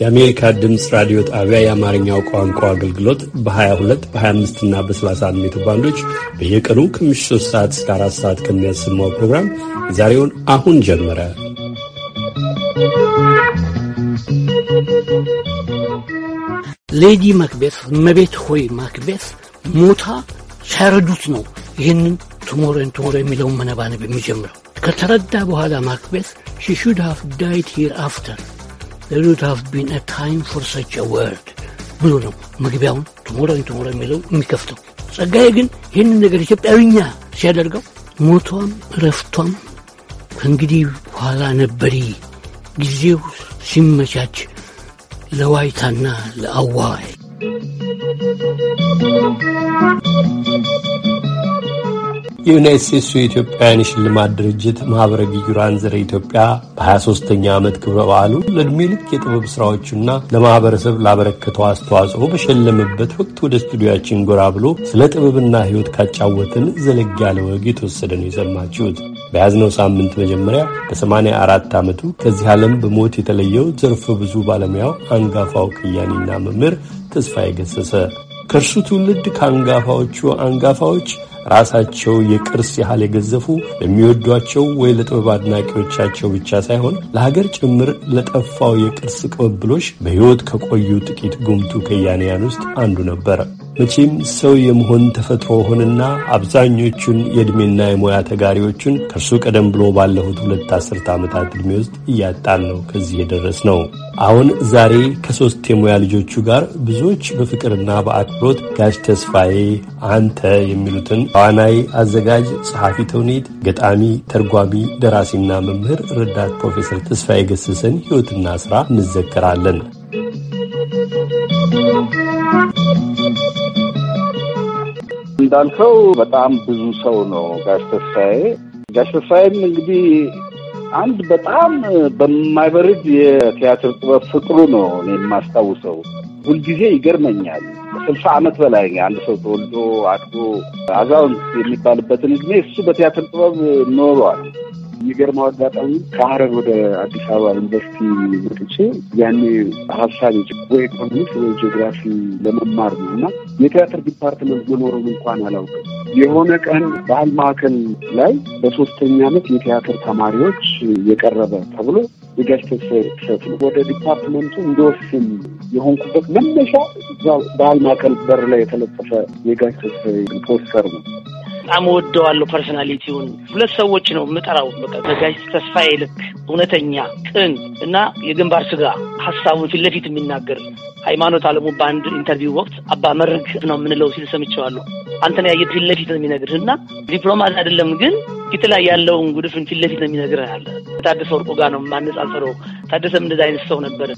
የአሜሪካ ድምፅ ራዲዮ ጣቢያ የአማርኛው ቋንቋ አገልግሎት በ22 በ25 እና በ31 ሜትር ባንዶች በየቀኑ ከምሽቱ 3 ሰዓት እስከ 4 ሰዓት ከሚያሰማው ፕሮግራም ዛሬውን አሁን ጀመረ። ሌዲ ማክቤት እመቤት ሆይ ማክቤት ሞታ ሳያረዱት ነው ይህንን ቱሞሮን ቱሞሮ የሚለውን መነባነብ የሚጀምረው ከተረዳ በኋላ ማክቤት ሽሹድ ሀፍ ዳይት ሂር አፍተር there would have been a time for such a word ብሎ ነው መግቢያውን ትሞሮ ትሞሮ የሚለው የሚከፍተው። ጸጋዬ ግን ይህንን ነገር ኢትዮጵያዊኛ ሲያደርገው ሞቷም እረፍቷም ከእንግዲህ በኋላ ነበሪ ጊዜው ሲመቻች ለዋይታና ለአዋዋይ የዩናይት ስቴትሱ የኢትዮጵያውያን የሽልማት ድርጅት ማኅበረ ጊዩራን ዘረ ኢትዮጵያ በ23ኛ ዓመት ክብረ በዓሉ ለዕድሜ ልክ የጥበብ ሥራዎቹና ለማኅበረሰብ ላበረከተው አስተዋጽኦ በሸለመበት ወቅት ወደ ስቱዲያችን ጎራ ብሎ ስለ ጥበብና ሕይወት ካጫወትን ዘለግ ያለ ወግ የተወሰደ ነው የሰማችሁት። በያዝነው ሳምንት መጀመሪያ በሰማንያ አራት ዓመቱ ከዚህ ዓለም በሞት የተለየው ዘርፈ ብዙ ባለሙያው አንጋፋው ቅያኔና መምህር ተስፋዬ ገሰሰ ከእርሱ ትውልድ ከአንጋፋዎቹ አንጋፋዎች ራሳቸው የቅርስ ያህል የገዘፉ ለሚወዷቸው ወይ ለጥበብ አድናቂዎቻቸው ብቻ ሳይሆን ለሀገር ጭምር ለጠፋው የቅርስ ቅብብሎች በሕይወት ከቆዩ ጥቂት ጉምቱ ከያንያን ውስጥ አንዱ ነበር። መቼም ሰው የመሆን ተፈጥሮ ሆንና አብዛኞቹን የዕድሜና የሙያ ተጋሪዎቹን ከእርሱ ቀደም ብሎ ባለፉት ሁለት አስርተ ዓመታት ዕድሜ ውስጥ እያጣን ነው ከዚህ የደረስ ነው። አሁን ዛሬ ከሦስት የሙያ ልጆቹ ጋር ብዙዎች በፍቅርና በአክብሮት ጋሽ ተስፋዬ አንተ የሚሉትን ተዋናይ፣ አዘጋጅ፣ ጸሐፊ ተውኔት፣ ገጣሚ፣ ተርጓሚ፣ ደራሲና መምህር ረዳት ፕሮፌሰር ተስፋዬ ገሰሰን ሕይወትና ሥራ እንዘከራለን። እንዳልከው በጣም ብዙ ሰው ነው ጋሽ ተስፋዬ። ጋሽ ተስፋዬም እንግዲህ አንድ በጣም በማይበርድ የቲያትር ጥበብ ፍቅሩ ነው እኔ የማስታውሰው። ሁልጊዜ ይገርመኛል። ስልሳ ዓመት በላይ አንድ ሰው ተወልዶ አድጎ አዛውንት የሚባልበትን እድሜ እሱ በቲያትር ጥበብ ኖሯል። የሚገርመው አጋጣሚ ከሀረር ወደ አዲስ አበባ ዩኒቨርሲቲ መጥቼ ያኔ ሀሳብ ወይ ኢኮኖሚክስ ወይ ጂኦግራፊ ለመማር ነው እና የቲያትር ዲፓርትመንት መኖሩን እንኳን አላውቅም። የሆነ ቀን ባህል ማዕከል ላይ በሶስተኛ ዓመት የቲያትር ተማሪዎች የቀረበ ተብሎ የገስተሰ ሰት ነው ወደ ዲፓርትመንቱ እንደወስን የሆንኩበት መነሻ ባህል ማዕከል በር ላይ የተለጠፈ የገስተሰ ፖስተር ነው። በጣም እወደዋለሁ። ፐርሶናሊቲውን ሁለት ሰዎች ነው የምጠራው። በጋሽ ተስፋዬ ልክ እውነተኛ፣ ቅን እና የግንባር ስጋ ሀሳቡን ፊት ለፊት የሚናገር ሃይማኖት አለሙ በአንድ ኢንተርቪው ወቅት አባ መርግ ነው የምንለው ሲል ሰምቼዋለሁ። አንተን ያየ ፊት ለፊት ነው የሚነግርህ እና ዲፕሎማት አይደለም ግን ፊት ላይ ያለውን ጉድፍን ፊት ለፊት ነው የሚነግርህ አለ። ታደሰ ወርቁ ጋር ነው የማነጻጽረው። ታደሰም እንደዚ አይነት ሰው ነበር።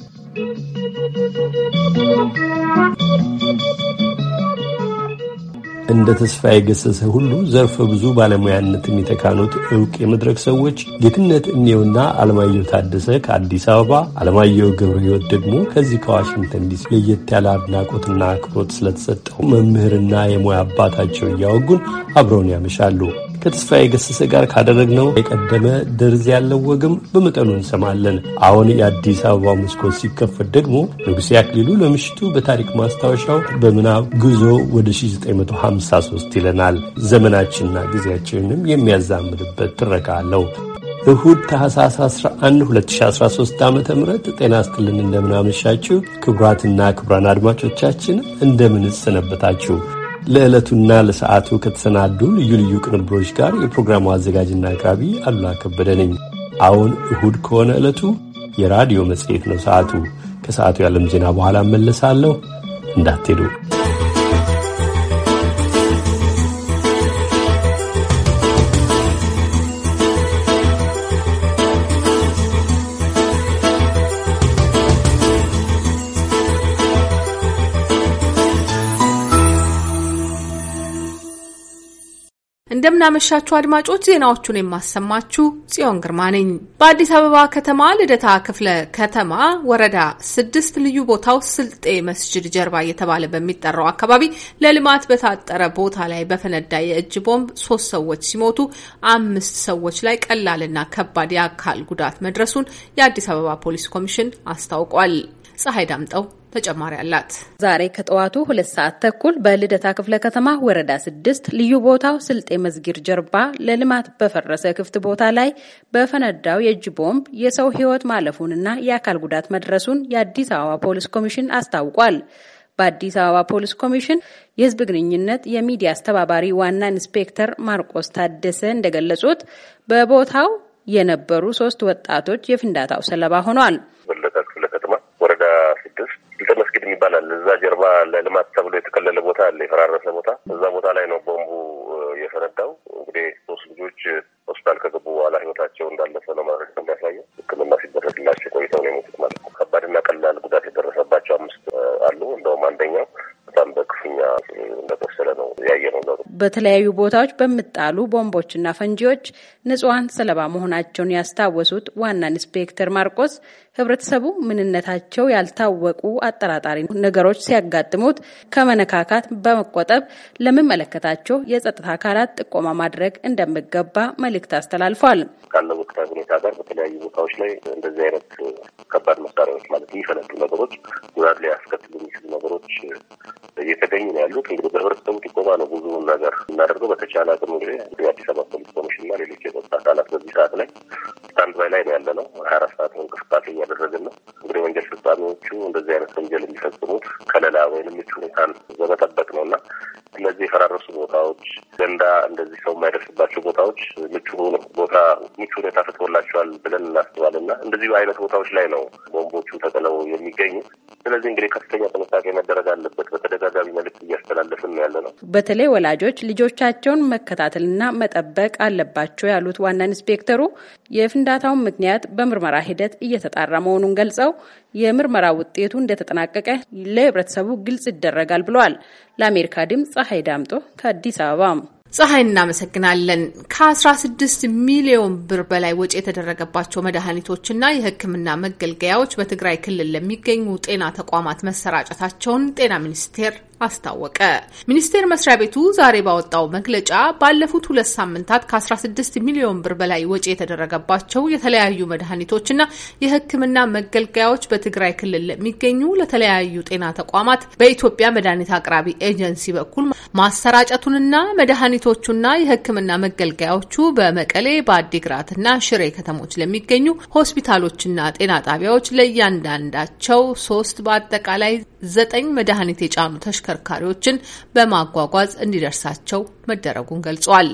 እንደ ተስፋ የገሰሰ ሁሉ ዘርፈ ብዙ ባለሙያነት የሚተካኑት እውቅ የመድረክ ሰዎች ጌትነት እኔውና አለማየሁ ታደሰ ከአዲስ አበባ፣ አለማየሁ ገብረ ህይወት ደግሞ ከዚህ ከዋሽንግተን ዲሲ ለየት ያለ አድናቆትና አክብሮት ስለተሰጠው መምህርና የሙያ አባታቸው እያወጉን አብረውን ያመሻሉ። ከተስፋዬ ገሰሰ ጋር ካደረግነው የቀደመ ደርዝ ያለው ወግም በመጠኑ እንሰማለን። አሁን የአዲስ አበባ መስኮት ሲከፈት ደግሞ ንጉሴ አክሊሉ ለምሽቱ በታሪክ ማስታወሻው በምናብ ጉዞ ወደ 1953 ይለናል። ዘመናችንና ጊዜያችንንም የሚያዛምድበት ትረካ አለው። እሁድ ታህሳስ 11 2013 ዓ ም ጤና ስትልን እንደምናመሻችሁ ክቡራትና ክቡራን አድማጮቻችን እንደምን ሰነበታችሁ? ለዕለቱና ለሰዓቱ ከተሰናዱ ልዩ ልዩ ቅንብሮች ጋር የፕሮግራሙ አዘጋጅና አቅራቢ አሉላ ከበደ ነኝ። አሁን እሁድ ከሆነ ዕለቱ የራዲዮ መጽሔት ነው ሰዓቱ። ከሰዓቱ የዓለም ዜና በኋላ መለሳለሁ። እንዳትሄዱ። እንደምናመሻችሁ አድማጮች፣ ዜናዎቹን የማሰማችሁ ጽዮን ግርማ ነኝ። በአዲስ አበባ ከተማ ልደታ ክፍለ ከተማ ወረዳ ስድስት ልዩ ቦታው ስልጤ መስጅድ ጀርባ እየተባለ በሚጠራው አካባቢ ለልማት በታጠረ ቦታ ላይ በፈነዳ የእጅ ቦምብ ሶስት ሰዎች ሲሞቱ አምስት ሰዎች ላይ ቀላልና ከባድ የአካል ጉዳት መድረሱን የአዲስ አበባ ፖሊስ ኮሚሽን አስታውቋል። ፀሐይ ዳምጠው ተጨማሪ አላት። ዛሬ ከጠዋቱ ሁለት ሰዓት ተኩል በልደታ ክፍለ ከተማ ወረዳ ስድስት ልዩ ቦታው ስልጤ መዝጊር ጀርባ ለልማት በፈረሰ ክፍት ቦታ ላይ በፈነዳው የእጅ ቦምብ የሰው ሕይወት ማለፉንና የአካል ጉዳት መድረሱን የአዲስ አበባ ፖሊስ ኮሚሽን አስታውቋል። በአዲስ አበባ ፖሊስ ኮሚሽን የህዝብ ግንኙነት የሚዲያ አስተባባሪ ዋና ኢንስፔክተር ማርቆስ ታደሰ እንደገለጹት በቦታው የነበሩ ሶስት ወጣቶች የፍንዳታው ሰለባ ሆኗል። ይባላል። እዛ ጀርባ ለልማት ተብሎ የተከለለ ቦታ አለ፣ የፈራረሰ ቦታ። እዛ ቦታ ላይ ነው ቦምቡ የፈነዳው። እንግዲህ ሶስት ልጆች ሆስፒታል ከገቡ በኋላ ህይወታቸው እንዳለፈ ነው ማለት ነው የሚያሳየው። ሕክምና ሲደረግላቸው ቆይተው ነው የሞቱት ማለት ነው። ከባድና ቀላል ጉዳት የደረሰባቸው አምስት አሉ። እንደውም አንደኛው በጣም በክፉኛ እንደቆሰ ነው ያየነው ነው። በተለያዩ ቦታዎች በምጣሉ ቦምቦችና ፈንጂዎች ንጹሐን ሰለባ መሆናቸውን ያስታወሱት ዋና ኢንስፔክተር ማርቆስ ህብረተሰቡ ምንነታቸው ያልታወቁ አጠራጣሪ ነገሮች ሲያጋጥሙት ከመነካካት በመቆጠብ ለሚመለከታቸው የጸጥታ አካላት ጥቆማ ማድረግ እንደሚገባ መልእክት አስተላልፏል። ካለ ወቅታዊ ሁኔታ ጋር በተለያዩ ቦታዎች ላይ እንደዚህ አይነት ከባድ መሳሪያዎች ማለት የሚፈነዱ ነገሮች፣ ጉዳት ላይ ያስከትሉ የሚችሉ ነገሮች እየተገኙ ነው ያሉት። እንግዲህ በህብረተሰቡ ጥቆማ ነው ብዙ ነገር እናደርገው። በተቻለ አቅም እንግዲህ የአዲስ አበባ ፖሊስ ኮሚሽን እና ሌሎች የጸጥታ አካላት በዚህ ሰዓት ላይ ስታንድ ባይ ላይ ነው ያለ ነው። ሀያ አራት ሰዓት እንቅስቃሴ እያደረግን ነው። እንግዲህ ወንጀል ፈጻሚዎቹ እንደዚህ አይነት ወንጀል የሚፈጽሙት ከለላ ወይንም ምቹ ሁኔታን በመጠበቅ ነው እና እነዚህ የፈራረሱ ቦታዎች ገንዳ እንደዚህ ሰው የማይደርስባቸው ቦታዎች ምቹ ቦታ ምቹ ሁኔታ ፈጥሮላቸዋል ብለን ና እንደዚሁ አይነት ቦታዎች ላይ ነው ቦምቦቹ ተጥለው የሚገኙ ስለዚህ እንግዲህ ከፍተኛ ጥንቃቄ መደረግ አለበት። በተደጋጋሚ መልዕክት እያስተላለፍን ያለ ነው። በተለይ ወላጆች ልጆቻቸውን መከታተልና መጠበቅ አለባቸው ያሉት ዋና ኢንስፔክተሩ የፍንዳታውን ምክንያት በምርመራ ሂደት እየተጣራ መሆኑን ገልጸው የምርመራ ውጤቱ እንደተጠናቀቀ ለህብረተሰቡ ግልጽ ይደረጋል ብለዋል። ለአሜሪካ ድምፅ ፀሐይ ዳምጦ ከአዲስ አበባ ፀሐይ እናመሰግናለን። ከ16 ሚሊዮን ብር በላይ ወጪ የተደረገባቸው መድኃኒቶችና የሕክምና መገልገያዎች በትግራይ ክልል ለሚገኙ ጤና ተቋማት መሰራጨታቸውን ጤና ሚኒስቴር አስታወቀ። ሚኒስቴር መስሪያ ቤቱ ዛሬ ባወጣው መግለጫ ባለፉት ሁለት ሳምንታት ከ16 ሚሊዮን ብር በላይ ወጪ የተደረገባቸው የተለያዩ መድኃኒቶችና የሕክምና መገልገያዎች በትግራይ ክልል ለሚገኙ ለተለያዩ ጤና ተቋማት በኢትዮጵያ መድኃኒት አቅራቢ ኤጀንሲ በኩል ማሰራጨቱንና መድኃኒቶቹና የሕክምና መገልገያዎቹ በመቀሌ በአዲግራትና ሽሬ ከተሞች ለሚገኙ ሆስፒታሎችና ጤና ጣቢያዎች ለእያንዳንዳቸው ሶስት በአጠቃላይ ዘጠኝ መድኃኒት የጫኑ ተሽከርካሪዎችን በማጓጓዝ እንዲደርሳቸው መደረጉን ገልጿል።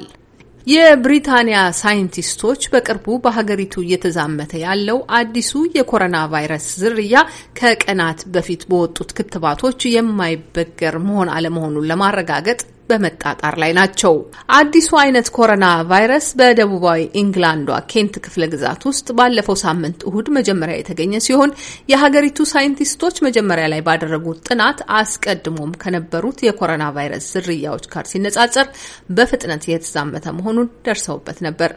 የብሪታንያ ሳይንቲስቶች በቅርቡ በሀገሪቱ እየተዛመተ ያለው አዲሱ የኮሮና ቫይረስ ዝርያ ከቀናት በፊት በወጡት ክትባቶች የማይበገር መሆን አለመሆኑን ለማረጋገጥ በመጣጣር ላይ ናቸው። አዲሱ አይነት ኮሮና ቫይረስ በደቡባዊ ኢንግላንዷ ኬንት ክፍለ ግዛት ውስጥ ባለፈው ሳምንት እሁድ መጀመሪያ የተገኘ ሲሆን የሀገሪቱ ሳይንቲስቶች መጀመሪያ ላይ ባደረጉት ጥናት አስቀድሞም ከነበሩት የኮሮና ቫይረስ ዝርያዎች ጋር ሲነጻጸር በፍጥነት የተዛመተ መሆኑን ደርሰውበት ነበር።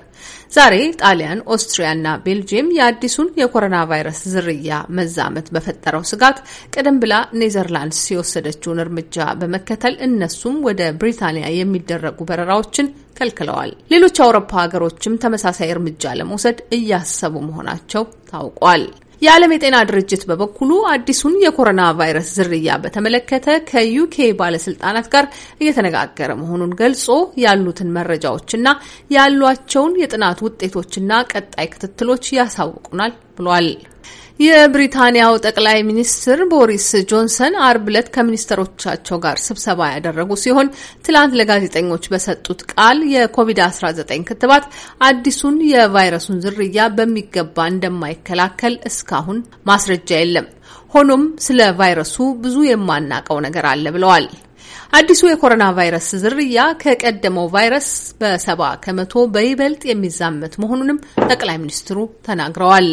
ዛሬ ጣሊያን፣ ኦስትሪያና ቤልጅየም የአዲሱን የኮሮና ቫይረስ ዝርያ መዛመት በፈጠረው ስጋት ቀደም ብላ ኔዘርላንድስ የወሰደችውን እርምጃ በመከተል እነሱም ወደ ብሪታንያ የሚደረጉ በረራዎችን ከልክለዋል። ሌሎች አውሮፓ ሀገሮችም ተመሳሳይ እርምጃ ለመውሰድ እያሰቡ መሆናቸው ታውቋል። የዓለም የጤና ድርጅት በበኩሉ አዲሱን የኮሮና ቫይረስ ዝርያ በተመለከተ ከዩኬ ባለስልጣናት ጋር እየተነጋገረ መሆኑን ገልጾ ያሉትን መረጃዎችና ያሏቸውን የጥናት ውጤቶችና ቀጣይ ክትትሎች ያሳውቁናል ብሏል። የብሪታንያው ጠቅላይ ሚኒስትር ቦሪስ ጆንሰን አርብ ዕለት ከሚኒስትሮቻቸው ጋር ስብሰባ ያደረጉ ሲሆን ትላንት ለጋዜጠኞች በሰጡት ቃል የኮቪድ-19 ክትባት አዲሱን የቫይረሱን ዝርያ በሚገባ እንደማይከላከል እስካሁን ማስረጃ የለም፣ ሆኖም ስለ ቫይረሱ ብዙ የማናቀው ነገር አለ ብለዋል። አዲሱ የኮሮና ቫይረስ ዝርያ ከቀደመው ቫይረስ በሰባ ከመቶ በይበልጥ የሚዛመት መሆኑንም ጠቅላይ ሚኒስትሩ ተናግረዋል።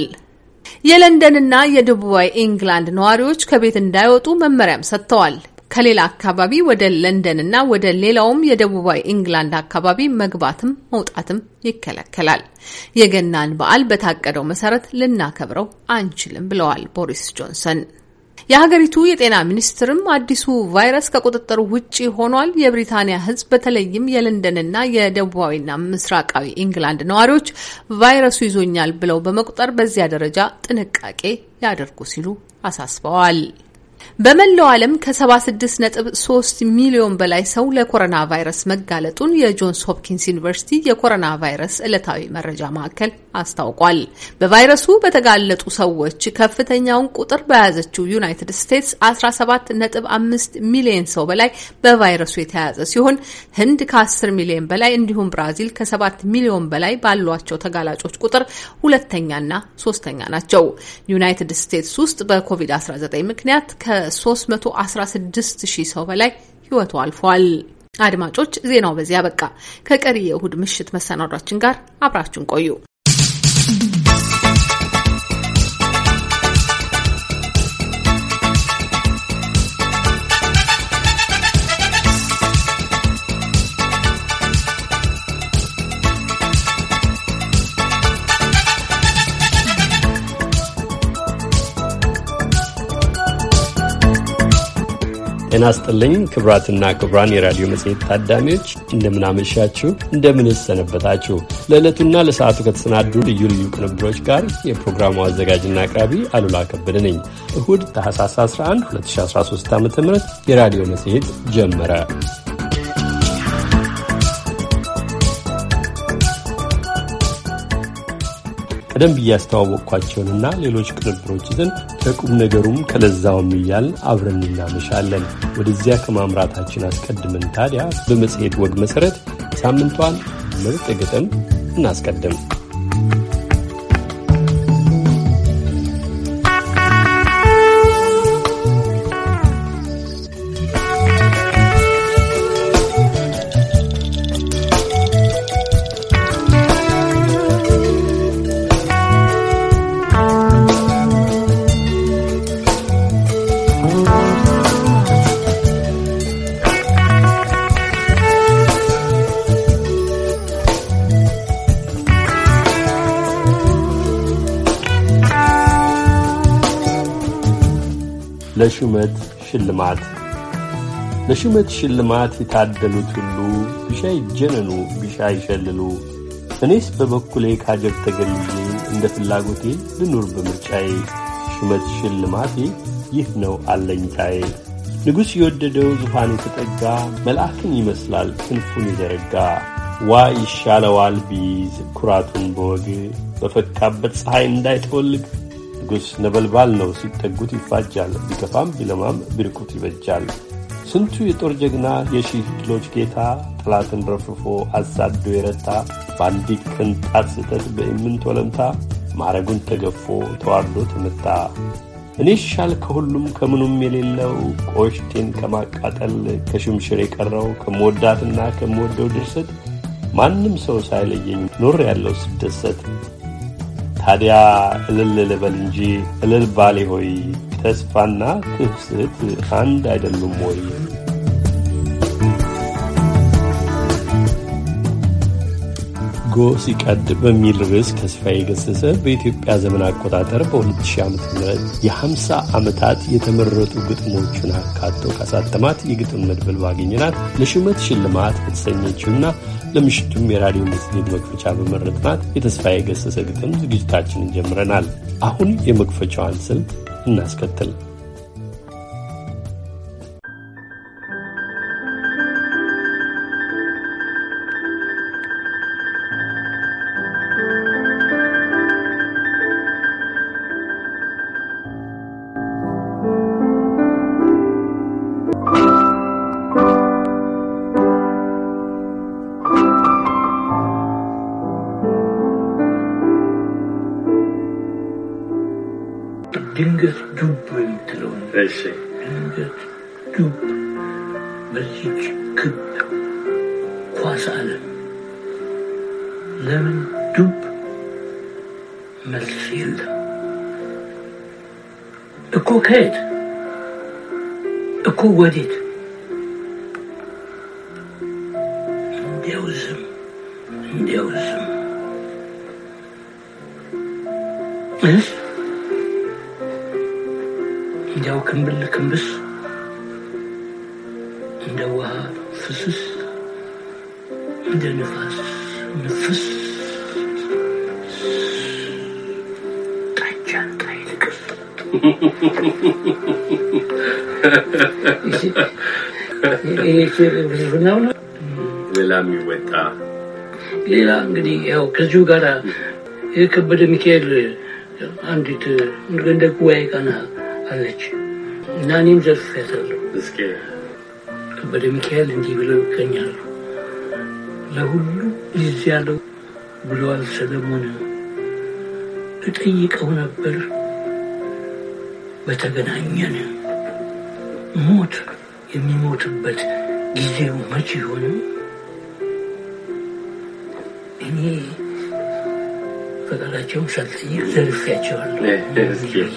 የለንደንና የደቡባዊ ኢንግላንድ ነዋሪዎች ከቤት እንዳይወጡ መመሪያም ሰጥተዋል። ከሌላ አካባቢ ወደ ለንደንና ወደ ሌላውም የደቡባዊ ኢንግላንድ አካባቢ መግባትም መውጣትም ይከለከላል። የገናን በዓል በታቀደው መሰረት ልናከብረው አንችልም ብለዋል ቦሪስ ጆንሰን። የሀገሪቱ የጤና ሚኒስትርም አዲሱ ቫይረስ ከቁጥጥር ውጭ ሆኗል፣ የብሪታንያ ሕዝብ በተለይም የለንደንና የደቡባዊና ምስራቃዊ ኢንግላንድ ነዋሪዎች ቫይረሱ ይዞኛል ብለው በመቁጠር በዚያ ደረጃ ጥንቃቄ ያደርጉ ሲሉ አሳስበዋል። በመላው ዓለም ከ76.3 ሚሊዮን በላይ ሰው ለኮሮና ቫይረስ መጋለጡን የጆንስ ሆፕኪንስ ዩኒቨርሲቲ የኮሮና ቫይረስ ዕለታዊ መረጃ ማዕከል አስታውቋል። በቫይረሱ በተጋለጡ ሰዎች ከፍተኛውን ቁጥር በያዘችው ዩናይትድ ስቴትስ 17.5 ሚሊዮን ሰው በላይ በቫይረሱ የተያዘ ሲሆን ህንድ ከ10 ሚሊዮን በላይ እንዲሁም ብራዚል ከ7 ሚሊዮን በላይ ባሏቸው ተጋላጮች ቁጥር ሁለተኛና ሶስተኛ ናቸው። ዩናይትድ ስቴትስ ውስጥ በኮቪድ-19 ምክንያት ከ ከ316 ሰው በላይ ህይወቱ አልፏል። አድማጮች ዜናው በዚያ በቃ። ከቀሪ የእሁድ ምሽት መሰናዷችን ጋር አብራችሁን ቆዩ። ጤና ስጥልኝ ክብራትና ክብራን የራዲዮ መጽሔት ታዳሚዎች እንደምናመሻችሁ፣ እንደምንሰነበታችሁ ለዕለቱና ለሰዓቱ ከተሰናዱ ልዩ ልዩ ቅንብሮች ጋር የፕሮግራሙ አዘጋጅና አቅራቢ አሉላ ከበደ ነኝ። እሁድ ታህሳስ 11 2013 ዓ ም የራዲዮ መጽሔት ጀመረ። ቀደም ብዬ ያስተዋወቅኳቸውንና ሌሎች ቅንብሮች ይዘን ከቁም ነገሩም ከለዛውም እያል አብረን እናመሻለን። ወደዚያ ከማምራታችን አስቀድመን ታዲያ በመጽሔት ወግ መሠረት ሳምንቷን ምርጥ ግጥም እናስቀድም። ለሹመት ሽልማት ለሹመት ሽልማት የታደሉት ሁሉ ቢሻ ይጀነኑ፣ ቢሻ ይሸልሉ። እኔስ በበኩሌ ካጀብ ተገልዬ እንደ ፍላጎቴ ልኑር በምርጫዬ። ሹመት ሽልማቴ ይህ ነው አለኝታዬ። ንጉሥ የወደደው ዙፋን የተጠጋ መልአክን ይመስላል ክንፉን ይዘረጋ ዋ ይሻለዋል ቢይዝ ኩራቱን በወግ በፈካበት ፀሐይ እንዳይጠወልግ ጉስ ነበልባል ነው። ሲጠጉት ይፋጃል፣ ቢከፋም ቢለማም ቢርቁት ይበጃል። ስንቱ የጦር ጀግና የሺህ ድሎች ጌታ ጠላትን ረፍርፎ አሳዶ የረታ በአንዲት ቅንጣት ስህተት በኢምንት ወለምታ ማረጉን ተገፎ ተዋርዶ ተመታ። እኔ ሻል ከሁሉም ከምኑም የሌለው ቆሽቴን ከማቃጠል ከሽምሽር የቀረው ከምወዳትና ከምወደው ድርሰት ማንም ሰው ሳይለየኝ ኖር ያለው ስደሰት ታዲያ እልል ልበል እንጂ እልል ባሌ ሆይ ተስፋና ትፍስት አንድ አይደሉም ወይ? በጎ ሲቀድ በሚል ርዕስ ተስፋዬ ገሰሰ በኢትዮጵያ ዘመን አቆጣጠር በ2000 ዓ ም የ50 ዓመታት የተመረጡ ግጥሞቹን አካቶ ካሳተማት የግጥም መድብል ባገኘናት ለሹመት ሽልማት በተሰኘችውና ለምሽቱም የራዲዮ መጽሔት መክፈቻ በመረጥናት የተስፋዬ ገሰሰ ግጥም ዝግጅታችንን ጀምረናል። አሁን የመክፈቻዋን ስልት እናስከትል። እንዲያው ክምብል ክምብስ እንደ ውሃ ፍስስ እንደ ንፋስ ንፍስ ጣጃን ጣይልቅፍ ሌላ የሚወጣ ሌላ እንግዲህ ያው ከዚሁ ጋር የከበደ ሚካኤል አንዲት እንደ ጉባኤ ቀና አለች እና እኔም ዘርፌያታለሁ። ከበደ ሚካኤል እንዲህ ብለው ይገኛሉ። ለሁሉ ጊዜ ያለው ብለዋል ሰለሞን። እጠይቀው ነበር በተገናኘን ሞት የሚሞትበት ጊዜው መቼ ይሆንም እኔ ፈቃዳቸውን ሳልጠይቅ ዘርፌያቸዋለሁ።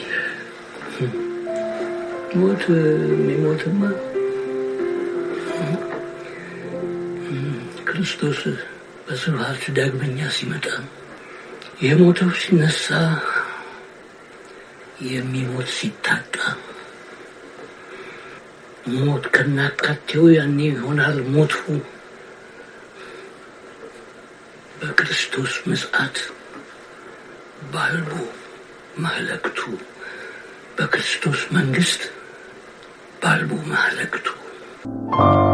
ሞት የሚሞትማ ክርስቶስ በስብሐት ዳግመኛ ሲመጣ የሞተው ሲነሳ፣ የሚሞት ሲታጣ፣ ሞት ከናቃቴው ያኔ ይሆናል ሞቱ በክርስቶስ ምጽአት ባህሉ ማህለክቱ በክርስቶስ መንግስት ባልቡ ማህለክቱ Thank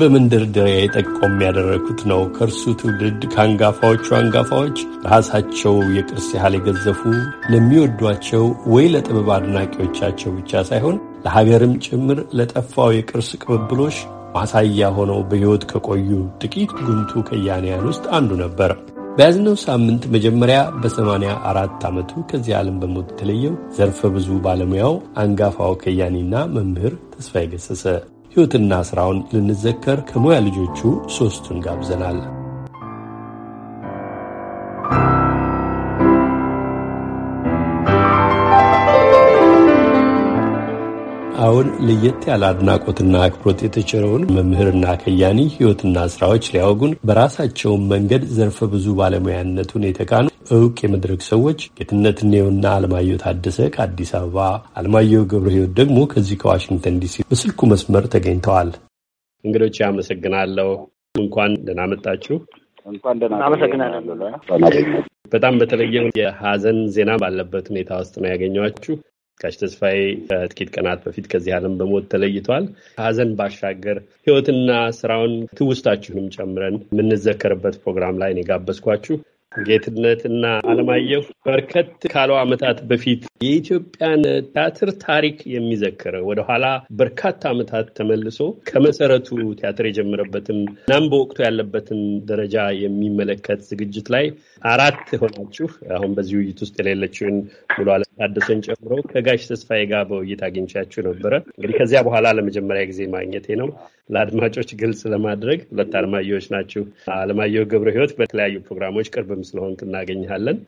በመንደርደሪያ የጠቆም ያደረግኩት ነው። ከእርሱ ትውልድ ከአንጋፋዎቹ አንጋፋዎች ራሳቸው የቅርስ ያህል የገዘፉ ለሚወዷቸው ወይ ለጥበብ አድናቂዎቻቸው ብቻ ሳይሆን ለሀገርም ጭምር ለጠፋው የቅርስ ቅብብሎች ማሳያ ሆነው በሕይወት ከቆዩ ጥቂት ጉምቱ ከያንያን ውስጥ አንዱ ነበር። በያዝነው ሳምንት መጀመሪያ በ84 ዓመቱ ከዚህ ዓለም በሞት የተለየው ዘርፈ ብዙ ባለሙያው አንጋፋው ከያኒና መምህር ተስፋዬ ገሰሰ ሕይወትና ሥራውን ልንዘከር ከሙያ ልጆቹ ሦስቱን ጋብዘናል። አሁን ለየት ያለ አድናቆትና አክብሮት የተቸረውን መምህርና ከያኒ ሕይወትና ስራዎች ሊያወጉን በራሳቸውን መንገድ ዘርፈ ብዙ ባለሙያነቱን የተካኑ እውቅ የመድረክ ሰዎች ጌትነት እኔውና አለማየሁ ታደሰ ከአዲስ አበባ፣ አለማየሁ ገብረ ሕይወት ደግሞ ከዚህ ከዋሽንግተን ዲሲ በስልኩ መስመር ተገኝተዋል። እንግዶች አመሰግናለሁ። እንኳን ደህና መጣችሁ። እንኳን ደህና አመሰግናለሁ። በጣም በተለየ የሀዘን ዜና ባለበት ሁኔታ ውስጥ ነው ያገኘኋችሁ። ጋሽ ተስፋዬ ከጥቂት ቀናት በፊት ከዚህ ዓለም በሞት ተለይቷል። ከሀዘን ባሻገር ህይወትና ስራውን ትውስታችሁንም ጨምረን የምንዘከርበት ፕሮግራም ላይ ነው የጋበዝኳችሁ። ጌትነትና አለማየሁ በርከት ካሉ ዓመታት በፊት የኢትዮጵያን ቲያትር ታሪክ የሚዘክር ወደኋላ በርካታ ዓመታት ተመልሶ ከመሰረቱ ቲያትር የጀመረበትን እናም በወቅቱ ያለበትን ደረጃ የሚመለከት ዝግጅት ላይ አራት ሆናችሁ አሁን በዚህ ውይይት ውስጥ የሌለችውን ሙሉ አለም ታደሰን ጨምሮ ከጋሽ ተስፋዬ ጋር በውይይት አግኝቻችሁ ነበረ። እንግዲህ ከዚያ በኋላ ለመጀመሪያ ጊዜ ማግኘቴ ነው። ለአድማጮች ግልጽ ለማድረግ ሁለት አለማየዎች ናችሁ። አለማየሁ ገብረ ህይወት በተለያዩ ፕሮግራሞች ቅርብም ስለሆንክ እናገኝሃለን።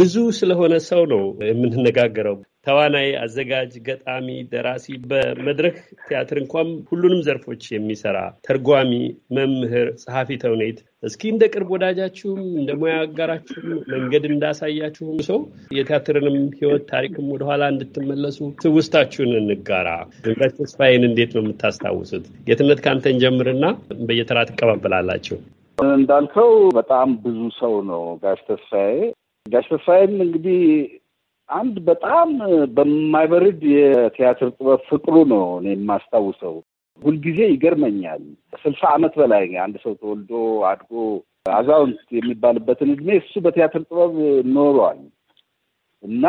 ብዙ ስለሆነ ሰው ነው የምንነጋገረው። ተዋናይ፣ አዘጋጅ፣ ገጣሚ፣ ደራሲ፣ በመድረክ ቲያትር እንኳን ሁሉንም ዘርፎች የሚሰራ ተርጓሚ፣ መምህር፣ ጸሐፊ ተውኔት እስኪ እንደ ቅርብ ወዳጃችሁም እንደ ሙያ አጋራችሁም መንገድ እንዳሳያችሁም ሰው የቲያትርንም ህይወት ታሪክም ወደኋላ እንድትመለሱ ትውስታችሁን እንጋራ። ድምረት ተስፋዬን እንዴት ነው የምታስታውሱት? ጌትነት ከአንተን ጀምርና በየተራ ትቀባበላላችሁ። እንዳልከው በጣም ብዙ ሰው ነው ጋሽ ተስፋዬ። ጋሽ ተስፋዬን እንግዲህ አንድ በጣም በማይበርድ የቲያትር ጥበብ ፍቅሩ ነው እኔ የማስታውሰው። ሁልጊዜ ይገርመኛል። ስልሳ ዓመት በላይ አንድ ሰው ተወልዶ አድጎ አዛውንት የሚባልበትን እድሜ እሱ በቲያትር ጥበብ ኖሯል እና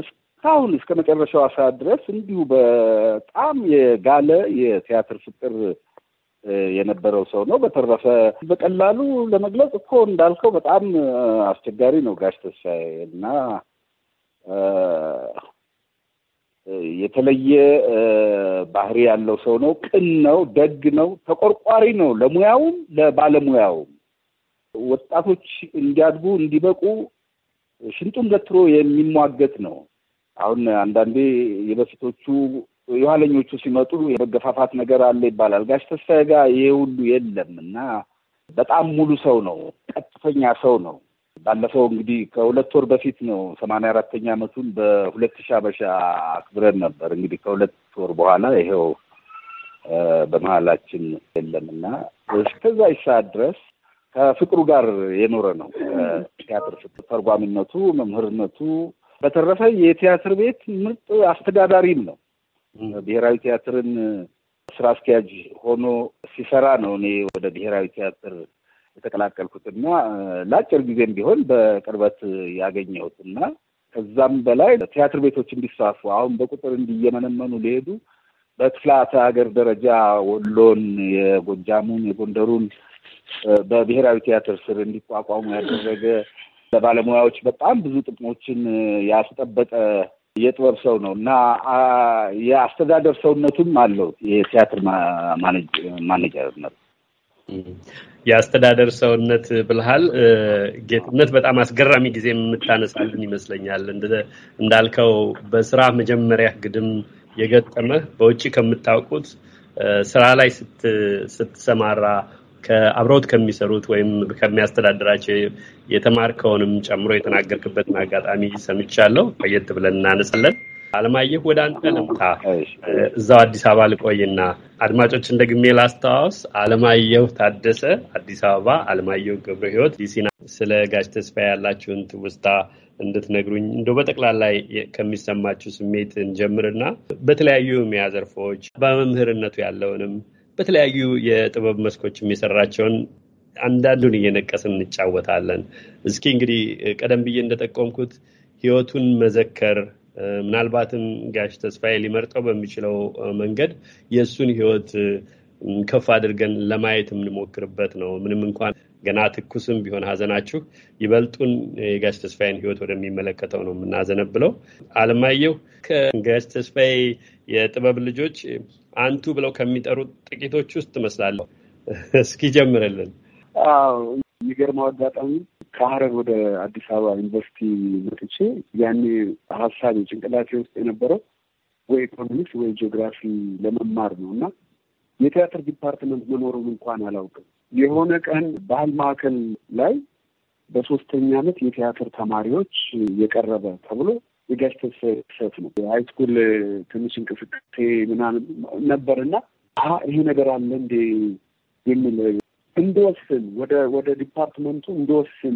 እስካሁን እስከ መጨረሻው አሳ ድረስ እንዲሁ በጣም የጋለ የቲያትር ፍቅር የነበረው ሰው ነው። በተረፈ በቀላሉ ለመግለጽ እኮ እንዳልከው በጣም አስቸጋሪ ነው ጋሽ ተስፋዬ እና የተለየ ባህሪ ያለው ሰው ነው። ቅን ነው፣ ደግ ነው፣ ተቆርቋሪ ነው። ለሙያውም ለባለሙያውም ወጣቶች እንዲያድጉ እንዲበቁ ሽንጡን ገትሮ የሚሟገት ነው። አሁን አንዳንዴ የበፊቶቹ የኋለኞቹ ሲመጡ የመገፋፋት ነገር አለ ይባላል። ጋሽ ተስፋዬ ጋር ይሄ ሁሉ የለም እና በጣም ሙሉ ሰው ነው። ቀጥተኛ ሰው ነው። ባለፈው እንግዲህ ከሁለት ወር በፊት ነው ሰማንያ አራተኛ ዓመቱን በሁለት ሺህ አበሻ አክብረን ነበር። እንግዲህ ከሁለት ወር በኋላ ይኸው በመሀላችን የለም እና እስከዛ ሰዓት ድረስ ከፍቅሩ ጋር የኖረ ነው። ቲያትር ፍቅር ተርጓሚነቱ፣ መምህርነቱ በተረፈ የቲያትር ቤት ምርጥ አስተዳዳሪም ነው። ብሔራዊ ቲያትርን ስራ አስኪያጅ ሆኖ ሲሰራ ነው እኔ ወደ ብሔራዊ ቲያትር የተቀላቀልኩትና ለአጭር ጊዜም ቢሆን በቅርበት ያገኘሁትና ከዛም በላይ ቲያትር ቤቶች እንዲስፋፉ አሁን በቁጥር እንዲየመነመኑ ሊሄዱ በክፍላተ ሀገር ደረጃ ወሎን፣ የጎጃሙን፣ የጎንደሩን በብሔራዊ ቲያትር ስር እንዲቋቋሙ ያደረገ ለባለሙያዎች በጣም ብዙ ጥቅሞችን ያስጠበቀ የጥበብ ሰው ነው እና የአስተዳደር ሰውነቱም አለው የቲያትር ማኔጀርነት የአስተዳደር ሰውነት ብልሃል ጌትነት በጣም አስገራሚ ጊዜ የምታነሳልን ይመስለኛል። እንዳልከው በስራ መጀመሪያ ግድም የገጠመህ በውጭ ከምታውቁት ስራ ላይ ስትሰማራ ከአብረውት ከሚሰሩት ወይም ከሚያስተዳድራቸው የተማርከውንም ጨምሮ የተናገርክበትን አጋጣሚ ሰምቻለሁ። ቆየት ብለን እናነሳለን። አለማየሁ ወደ አንተ ልምጣ። እዛው አዲስ አበባ ልቆይና እንደ ግሜ ላስተዋውስ። አለማየሁ ታደሰ አዲስ አበባ፣ አለማየሁ ገብረ ህይወት ዲሲና። ስለ ጋሽ ተስፋ ያላችሁን ትውስታ እንድትነግሩኝ እንደ በጠቅላላ ከሚሰማችሁ ስሜት እንጀምርና በተለያዩ የሙያ ዘርፎች በመምህርነቱ ያለውንም በተለያዩ የጥበብ መስኮች የሚሰራቸውን አንዳንዱን እየነቀስን እንጫወታለን። እስኪ እንግዲህ ቀደም ብዬ እንደጠቆምኩት ህይወቱን መዘከር ምናልባትም ጋሽ ተስፋዬ ሊመርጠው በሚችለው መንገድ የእሱን ህይወት ከፍ አድርገን ለማየት የምንሞክርበት ነው። ምንም እንኳን ገና ትኩስም ቢሆን ሀዘናችሁ ይበልጡን የጋሽ ተስፋዬን ህይወት ወደሚመለከተው ነው የምናዘነብለው። አለማየሁ ከጋሽ ተስፋዬ የጥበብ ልጆች አንቱ ብለው ከሚጠሩት ጥቂቶች ውስጥ ትመስላለሁ እስኪ ጀምርልን። አዎ የሚገርመው አጋጣሚ ከሀረር ወደ አዲስ አበባ ዩኒቨርሲቲ መጥቼ ያኔ ሀሳቤ ጭንቅላቴ ውስጥ የነበረው ወይ ኢኮኖሚክስ ወይ ጂኦግራፊ ለመማር ነው እና የቲያትር ዲፓርትመንት መኖሩን እንኳን አላውቅም። የሆነ ቀን ባህል ማዕከል ላይ በሶስተኛ ዓመት የቲያትር ተማሪዎች የቀረበ ተብሎ የጋሽ ተስፋዬ ነው ሃይስኩል ትንሽ እንቅስቃሴ ምናምን ነበር እና ይሄ ነገር አለ እንዴ የሚል እንደወስን ወደ ወደ ዲፓርትመንቱ እንደወስን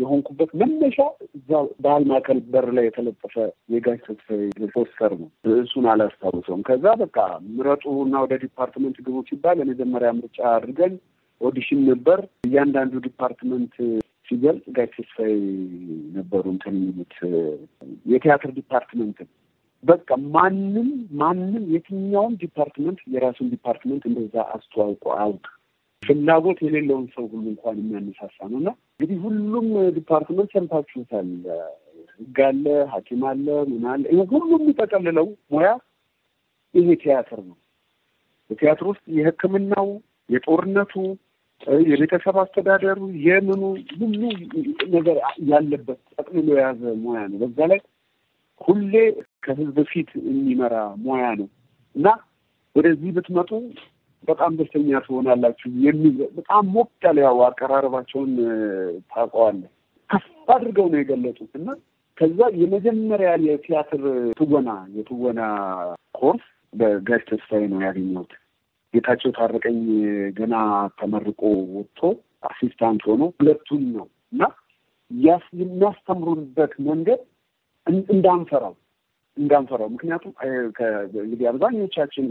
የሆንኩበት መነሻ እዛ ባህል ማዕከል በር ላይ የተለጠፈ የጋሽ ተስፋዬ ፖስተር ነው። እሱን አላስታውሰውም። ከዛ በቃ ምረጡ እና ወደ ዲፓርትመንት ግቡ ሲባል የመጀመሪያ ምርጫ አድርገን ኦዲሽን ነበር። እያንዳንዱ ዲፓርትመንት ሲገልጽ ጋሽ ተስፋዬ ነበሩ እንትን የሚሉት የቲያትር ዲፓርትመንትን በቃ ማንም ማንም የትኛውም ዲፓርትመንት የራሱን ዲፓርትመንት እንደዛ አስተዋውቆ አውቅ ፍላጎት የሌለውን ሰው ሁሉ እንኳን የሚያነሳሳ ነው እና እንግዲህ ሁሉም ዲፓርትመንት ሰምታችሁታል። ህግ አለ፣ ሐኪም አለ፣ ምን አለ። ይሄ ሁሉ የሚጠቀልለው ሙያ ይሄ ቲያትር ነው። በቲያትር ውስጥ የህክምናው የጦርነቱ፣ የቤተሰብ አስተዳደሩ፣ የምኑ ሁሉ ነገር ያለበት ጠቅልሎ የያዘ ሙያ ነው። በዛ ላይ ሁሌ ከህዝብ ፊት የሚመራ ሙያ ነው እና ወደዚህ ብትመጡ በጣም ደስተኛ ትሆናላችሁ የሚል በጣም ሞቅ ያለ ያው አቀራረባቸውን ታውቀዋለህ። ከፍ አድርገው ነው የገለጡት እና ከዛ የመጀመሪያ የቲያትር ትወና የትወና ኮርስ በጋሽ ተስፋዬ ነው ያገኘሁት። ጌታቸው ታረቀኝ ገና ተመርቆ ወጥቶ አሲስታንት ሆኖ ሁለቱን ነው እና የሚያስተምሩበት መንገድ እንዳንፈራው እንዳንፈራው ምክንያቱም እንግዲህ አብዛኞቻችን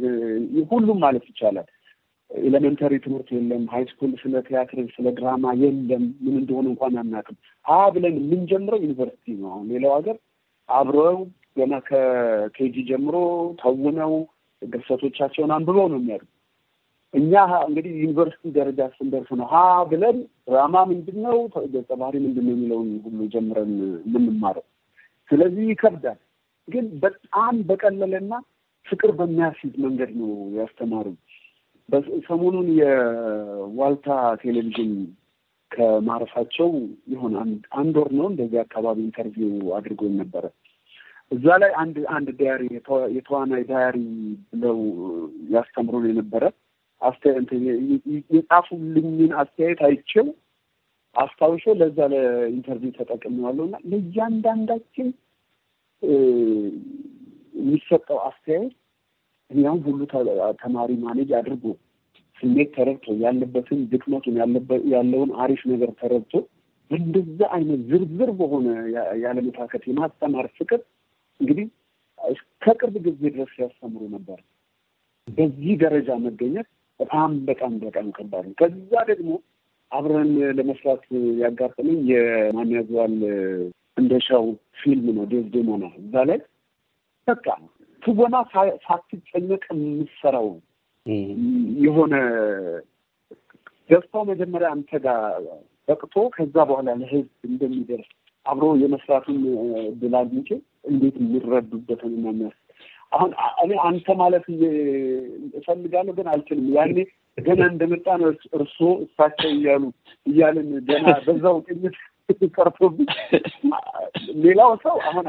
ሁሉም ማለት ይቻላል ኤሌመንተሪ ትምህርት የለም፣ ሃይስኩል ስለ ቲያትር ስለ ድራማ የለም። ምን እንደሆነ እንኳን አናውቅም። ሀ ብለን የምንጀምረው ዩኒቨርሲቲ ነው። አሁን ሌላው ሀገር አብረው ገና ከኬጂ ጀምሮ ተውነው ድርሰቶቻቸውን አንብበው ነው የሚያውቅ። እኛ እንግዲህ ዩኒቨርሲቲ ደረጃ ስንደርስ ነው ሀ ብለን ድራማ ምንድን ነው፣ ገጸ ባህሪ ምንድን ነው የሚለውን ሁሉ ጀምረን የምንማረው። ስለዚህ ይከብዳል፣ ግን በጣም በቀለለና ፍቅር በሚያስይዝ መንገድ ነው ያስተማሩት። ሰሞኑን የዋልታ ቴሌቪዥን ከማረፋቸው ይሆን አንድ ወር ነው እንደዚህ አካባቢ ኢንተርቪው አድርጎኝ ነበረ። እዛ ላይ አንድ አንድ ዳያሪ የተዋናይ ዳያሪ ብለው ያስተምሩን የነበረ የጻፉልኝን አስተያየት አይቼው አስታውሾ ለዛ ለኢንተርቪው ተጠቅሜዋለሁ እና ለእያንዳንዳችን የሚሰጠው አስተያየት እኛም ሁሉ ተማሪ ማኔጅ አድርጎ ስሜት ተረድቶ ያለበትን ድክመቱን ያለውን አሪፍ ነገር ተረድቶ እንደዛ አይነት ዝርዝር በሆነ ያለመታከት የማስተማር ፍቅር እንግዲህ ከቅርብ ጊዜ ድረስ ሲያስተምሩ ነበር። በዚህ ደረጃ መገኘት በጣም በጣም በጣም ከባድ ነው። ከዛ ደግሞ አብረን ለመስራት ያጋጠመኝ የማን ያዘዋል እንደሻው ፊልም ነው፣ ዴዝዴሞና እዛ ላይ በቃ ትወና ሳትጨነቅ የምትሰራው የሆነ ደስታው መጀመሪያ አንተ ጋር በቅቶ ከዛ በኋላ ለህዝብ እንደሚደርስ አብሮ የመስራቱን እድል አግኝቼ እንዴት የሚረዱበትን መመስ አሁን እኔ አንተ ማለት እፈልጋለሁ ግን አልችልም። ያኔ ገና እንደመጣ ነው እርሶ እሳቸው እያሉ እያልን ገና በዛው ቅኝት ቀርቶብኝ ሌላው ሰው አሁን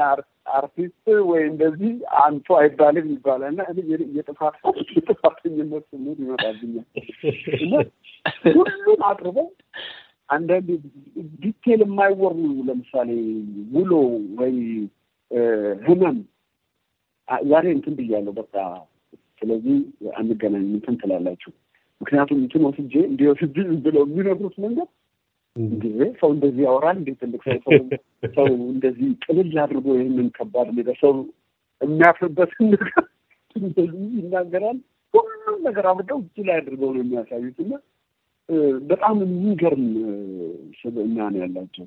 አርቲስት ወይ እንደዚህ አንቶ አይባልም ይባላልና እና የጥፋት የጥፋተኝነት ስሜት ይመጣብኛል ሁሉም አቅርበው አንዳንድ ዲቴል የማይወሩ ለምሳሌ ውሎ ወይ ህመም ዛሬ እንትን ብያለሁ በቃ ስለዚህ አንገናኝ እንትን ትላላችሁ ምክንያቱም እንትን ወስጄ እንዲወስድ ብለው የሚነግሩት መንገድ እንዴ ሰው እንደዚህ ያወራል እንዴ? ትልቅ ሰው ሰው እንደዚህ ቅልል አድርጎ ይህንን ከባድ ነገር ሰው የሚያፍርበትን ነገር እንደዚህ ይናገራል። ሁሉም ነገር አብርደው እጅ ላይ አድርገው ነው የሚያሳዩት እና በጣም የሚገርም ስብዕና ነው ያላቸው።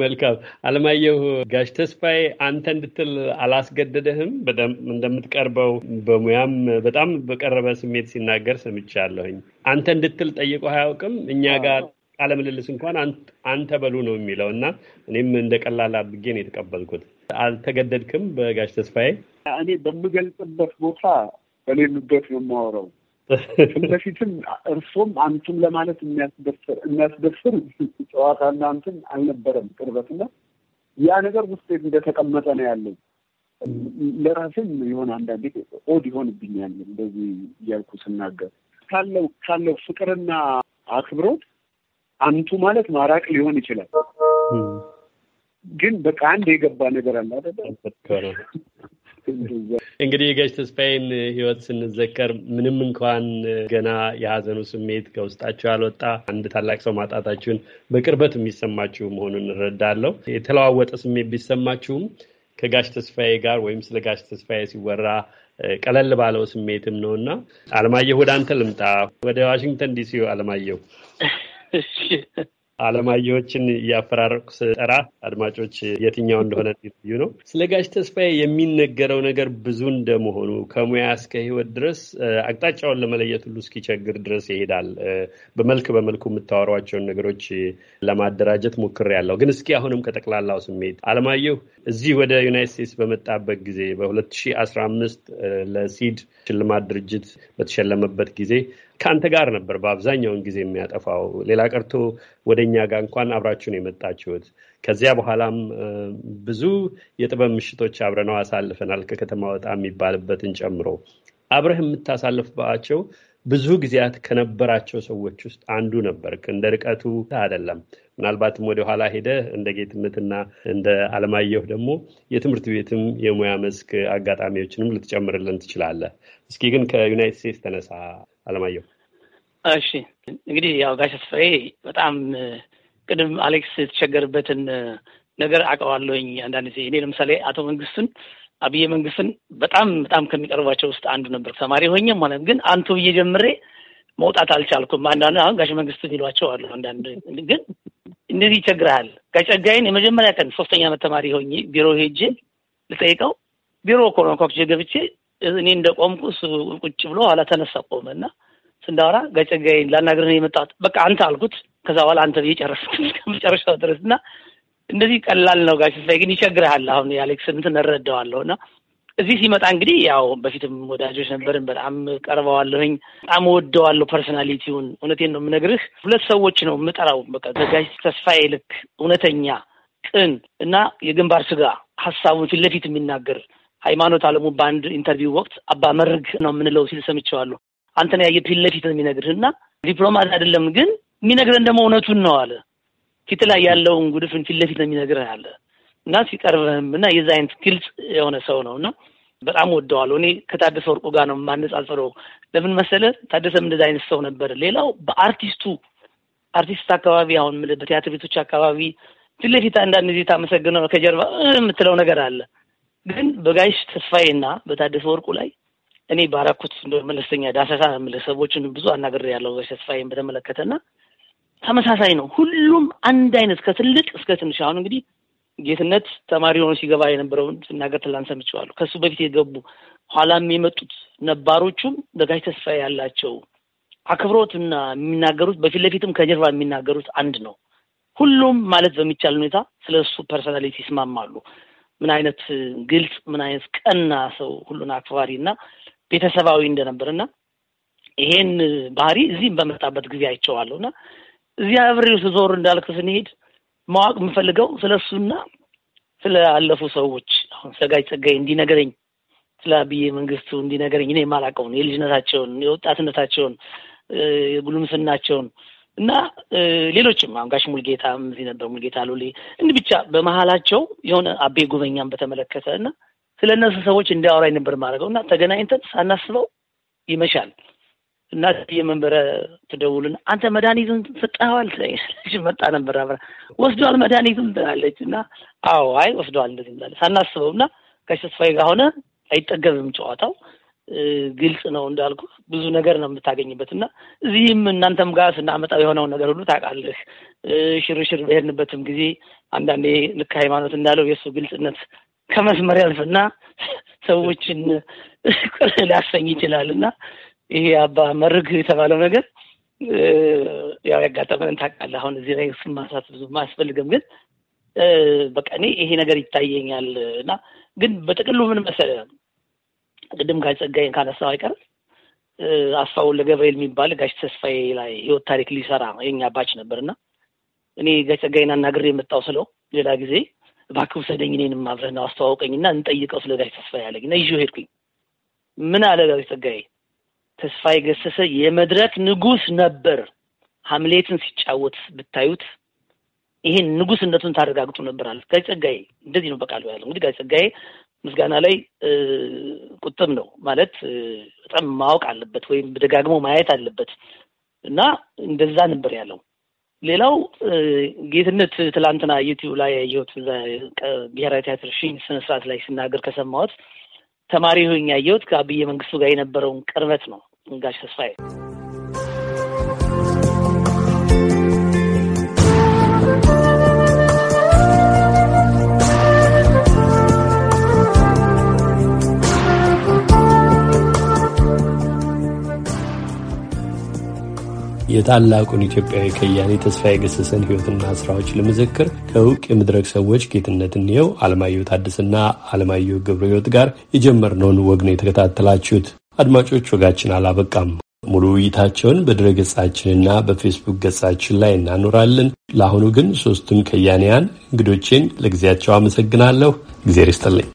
መልካም አለማየሁ ጋሽ ተስፋዬ አንተ እንድትል አላስገደደህም። እንደምትቀርበው በሙያም በጣም በቀረበ ስሜት ሲናገር ሰምቻለሁኝ። አንተ እንድትል ጠይቆ አያውቅም። እኛ ጋር ቃለ ምልልስ እንኳን አንተ በሉ ነው የሚለው እና እኔም እንደ ቀላል አድርጌ ነው የተቀበልኩት። አልተገደድክም። በጋሽ ተስፋዬ እኔ በምገልጽበት ቦታ በሌሉበት ነው የማወራው። በፊትም እርሶም አንቱም ለማለት የሚያስደፍር ጨዋታና አንቱም አልነበረም ቅርበትና ያ ነገር ውስጤ እንደተቀመጠ ነው ያለው። ለራሴም የሆነ አንዳንዴ ኦድ ይሆንብኛል እንደዚህ እያልኩ ስናገር ካለው ካለው ፍቅርና አክብሮት አንቱ ማለት ማራቅ ሊሆን ይችላል። ግን በቃ አንድ የገባ ነገር አለ አይደለ? እንግዲህ የጋሽ ተስፋዬን ህይወት ስንዘከር ምንም እንኳን ገና የሀዘኑ ስሜት ከውስጣችሁ ያልወጣ አንድ ታላቅ ሰው ማጣታችሁን በቅርበት የሚሰማችሁ መሆኑን እንረዳለሁ። የተለዋወጠ ስሜት ቢሰማችሁም ከጋሽ ተስፋዬ ጋር ወይም ስለ ጋሽ ተስፋዬ ሲወራ ቀለል ባለው ስሜትም ነው እና አለማየሁ፣ ወደ አንተ ልምጣ። ወደ ዋሽንግተን ዲሲ አለማየሁ አለማየዎችን እያፈራረቁ ስጠራ አድማጮች የትኛው እንደሆነ ልዩ ነው። ስለ ጋሽ ተስፋዬ የሚነገረው ነገር ብዙ እንደመሆኑ ከሙያ እስከ ሕይወት ድረስ አቅጣጫውን ለመለየት ሁሉ እስኪቸግር ድረስ ይሄዳል። በመልክ በመልኩ የምታወሯቸውን ነገሮች ለማደራጀት ያለው ግን እስኪ አሁንም ከጠቅላላው ስሜት አለማየሁ እዚህ ወደ ዩናይት ስቴትስ በመጣበት ጊዜ በ2015 ለሲድ ሽልማት ድርጅት በተሸለመበት ጊዜ ከአንተ ጋር ነበር በአብዛኛውን ጊዜ የሚያጠፋው። ሌላ ቀርቶ ወደ እኛ ጋር እንኳን አብራችሁን የመጣችሁት። ከዚያ በኋላም ብዙ የጥበብ ምሽቶች አብረነው አሳልፈናል፣ ከከተማ ወጣ የሚባልበትን ጨምሮ አብረህ የምታሳልፍባቸው ብዙ ጊዜያት ከነበራቸው ሰዎች ውስጥ አንዱ ነበር እንደ ርቀቱ አይደለም። ምናልባትም ኋላ ሄደ እንደ ጌትነትና እንደ አለማየሁ ደግሞ የትምህርት ቤትም የሙያ መስክ አጋጣሚዎችንም ልትጨምርልን ትችላለህ። እስኪ ግን ከዩናይትድ ስቴትስ ተነሳ። አለማየሁ። እሺ እንግዲህ ያው ጋሽ ተስፋዬ በጣም ቅድም አሌክስ የተቸገርበትን ነገር አውቀዋለሁኝ። አንዳንድ ጊዜ እኔ ለምሳሌ አቶ መንግስቱን አብየ መንግስትን በጣም በጣም ከሚቀርባቸው ውስጥ አንዱ ነበር። ተማሪ ሆኜም ማለት ግን አንቱ ብዬ ጀምሬ መውጣት አልቻልኩም። አንዳንድ አሁን ጋሽ መንግስቱ ይሏቸው አሉ። አንዳንድ ግን እንደዚህ ይቸግረሃል። ከጨጋይን የመጀመሪያ ቀን ሶስተኛ ዓመት ተማሪ ሆኜ ቢሮ ሄጄ ልጠይቀው ቢሮ ኮክቼ ገብቼ እኔ እንደ ቆምኩ እሱ ቁጭ ብሎ ኋላ ተነሳ ቆመ ቆመና ስንዳወራ ገጨጋይ ላናግርህ የመጣሁት በቃ አንተ አልኩት። ከዛ በኋላ አንተ ብዬ ጨረስኩ መጨረሻው ድረስ እና እንደዚህ ቀላል ነው። ጋሽ ተስፋዬ ግን ይቸግርሃል። አሁን የአሌክስ እንትን እረዳዋለሁ እና እዚህ ሲመጣ እንግዲህ ያው በፊትም ወዳጆች ነበርን። በጣም ቀርበዋለሁኝ። በጣም ወደዋለሁ ፐርሶናሊቲውን። እውነቴን ነው የምነግርህ። ሁለት ሰዎች ነው የምጠራው በቃ ጋሽ ተስፋዬ ልክ እውነተኛ ቅን እና የግንባር ስጋ ሀሳቡን ፊት ለፊት የሚናገር ሃይማኖት አለሙ በአንድ ኢንተርቪው ወቅት አባ መርግ ነው የምንለው ሲል ሰምቼዋለሁ። ነው ያየ ፊት ለፊት ነው የሚነግርህ እና ዲፕሎማት አይደለም ግን የሚነግረን ደግሞ እውነቱን ነው አለ። ፊት ላይ ያለውን ጉድፍን ፊት ለፊት ነው የሚነግርህ አለ እና ሲቀርብህም እና የዛ አይነት ግልጽ የሆነ ሰው ነው እና በጣም ወደዋለሁ። እኔ ከታደሰ ወርቁ ጋር ነው የማነጻጽረው። ለምን መሰለ ታደሰም እንደዚ አይነት ሰው ነበር። ሌላው በአርቲስቱ አርቲስት አካባቢ አሁን በቲያትር ቤቶች አካባቢ ፊት ለፊት አንዳንድ ጊዜ ታመሰግነው ከጀርባ የምትለው ነገር አለ ግን በጋይሽ ተስፋዬ ተስፋዬና በታደሰ ወርቁ ላይ እኔ ባረኩት መለስተኛ ዳሰሳ ሰዎችን ብዙ አናገር ያለው ጋሽ ተስፋዬን በተመለከተ በተመለከተና ተመሳሳይ ነው። ሁሉም አንድ አይነት ከትልቅ እስከ ትንሽ። አሁን እንግዲህ ጌትነት ተማሪ ሆኖ ሲገባ የነበረውን ስናገር ትላንት ሰምቼዋለሁ። ከእሱ በፊት የገቡ ኋላም የመጡት ነባሮቹም በጋሽ ተስፋዬ ያላቸው አክብሮትና የሚናገሩት በፊት ለፊትም ከጀርባ የሚናገሩት አንድ ነው። ሁሉም ማለት በሚቻል ሁኔታ ስለ እሱ ፐርሶናሊቲ ይስማማሉ። ምን አይነት ግልጽ፣ ምን አይነት ቀና ሰው፣ ሁሉን አክባሪ እና ቤተሰባዊ እንደነበር እና ይሄን ባህሪ እዚህም በመጣበት ጊዜ አይቼዋለሁ እና እዚያ አብሬው ስዞር እንዳልክ ስንሄድ ማወቅ የምፈልገው ስለ እሱና ስለ አለፉ ሰዎች አሁን ስለጋጅ ጸጋይ እንዲነገረኝ ስለ አብዬ መንግስቱ እንዲነገረኝ እኔ የማላውቀውን የልጅነታቸውን የወጣትነታቸውን የጉልምስናቸውን እና ሌሎችም አሁን ጋሽ ሙልጌታ እዚህ ነበር፣ ሙልጌታ ሎሌ እንዲህ ብቻ በመሀላቸው የሆነ አቤ ጉበኛም በተመለከተ እና ስለ እነሱ ሰዎች እንዲያወራኝ ነበር ማድረገው እና ተገናኝተን ሳናስበው ይመሻል እና የመንበረ ትደውልና አንተ መድኃኒቱን ሰጠኸዋል ትለኛለች። መጣ ነበር አብራ ወስደዋል መድኃኒቱን ትላለች እና አዎ አይ ወስደዋል እንደዚህ ብላለች ሳናስበው እና ጋሽ ተስፋዬ ጋር ሆነ አይጠገብም ጨዋታው ግልጽ ነው እንዳልኩ ብዙ ነገር ነው የምታገኝበት እና እዚህም እናንተም ጋር ስናመጣው የሆነውን ነገር ሁሉ ታውቃለህ። ሽርሽር በሄድንበትም ጊዜ አንዳንዴ ልክ ሃይማኖት እንዳለው የእሱ ግልጽነት ከመስመር ያልፍና ሰዎችን ቅር ሊያሰኝ ይችላል እና ይሄ አባ መርግ የተባለው ነገር ያው ያጋጠመን ታውቃለህ። አሁን እዚህ ላይ እሱን ማንሳት ብዙ አያስፈልግም ግን በቃ እኔ ይሄ ነገር ይታየኛል እና ግን በጥቅሉ ምን መሰለህ ቅድም ጋሽ ጸጋዬን ካነሳው አይቀር አስፋውለ ለገብርኤል የሚባል ጋሽ ተስፋዬ ላይ ህይወት ታሪክ ሊሰራ የኛ ባች ነበር እና እኔ ጋሽ ጸጋዬን አናግሬ የመጣው ስለው ሌላ ጊዜ እባክህ ውሰደኝ እኔንም አብረህ ነው አስተዋውቀኝ እና እንጠይቀው ስለ ጋሽ ተስፋዬ አለኝ እና ይዤው ሄድኩኝ። ምን አለ ጋሽ ጸጋዬ ተስፋዬ ገሰሰ የመድረክ ንጉስ ነበር። ሀምሌትን ሲጫወት ብታዩት ይሄን ንጉስነቱን ታረጋግጡ ነበር አለ ጋሽ ጸጋዬ። እንደዚህ ነው በቃሉ ያለ እንግዲህ ጋሽ ጸጋዬ ምስጋና ላይ ቁጥብ ነው ማለት በጣም ማወቅ አለበት ወይም ደጋግሞ ማየት አለበት እና እንደዛ ነበር ያለው። ሌላው ጌትነት ትላንትና ዩቲዩብ ላይ ያየሁት ብሔራዊ ቲያትር ሽኝ ስነስርዓት ላይ ሲናገር ከሰማሁት ተማሪ ሆኜ ያየሁት ከአብዬ መንግስቱ ጋር የነበረውን ቅርበት ነው። ጋሽ ተስፋዬ የታላቁን ኢትዮጵያዊ ከያኔ ተስፋ የገሰሰን ህይወትና ስራዎች ለመዘክር ከእውቅ የመድረክ ሰዎች ጌትነት እንየው፣ አለማየሁ ታድስና አለማየሁ ገብረ ሕይወት ጋር የጀመርነውን ወግ ነው የተከታተላችሁት። አድማጮች ወጋችን አላበቃም። ሙሉ ውይይታቸውን በድረ ገጻችንና በፌስቡክ ገጻችን ላይ እናኖራለን። ለአሁኑ ግን ሶስቱን ከያኔያን እንግዶቼን ለጊዜያቸው አመሰግናለሁ። እግዜር ይስጥልኝ።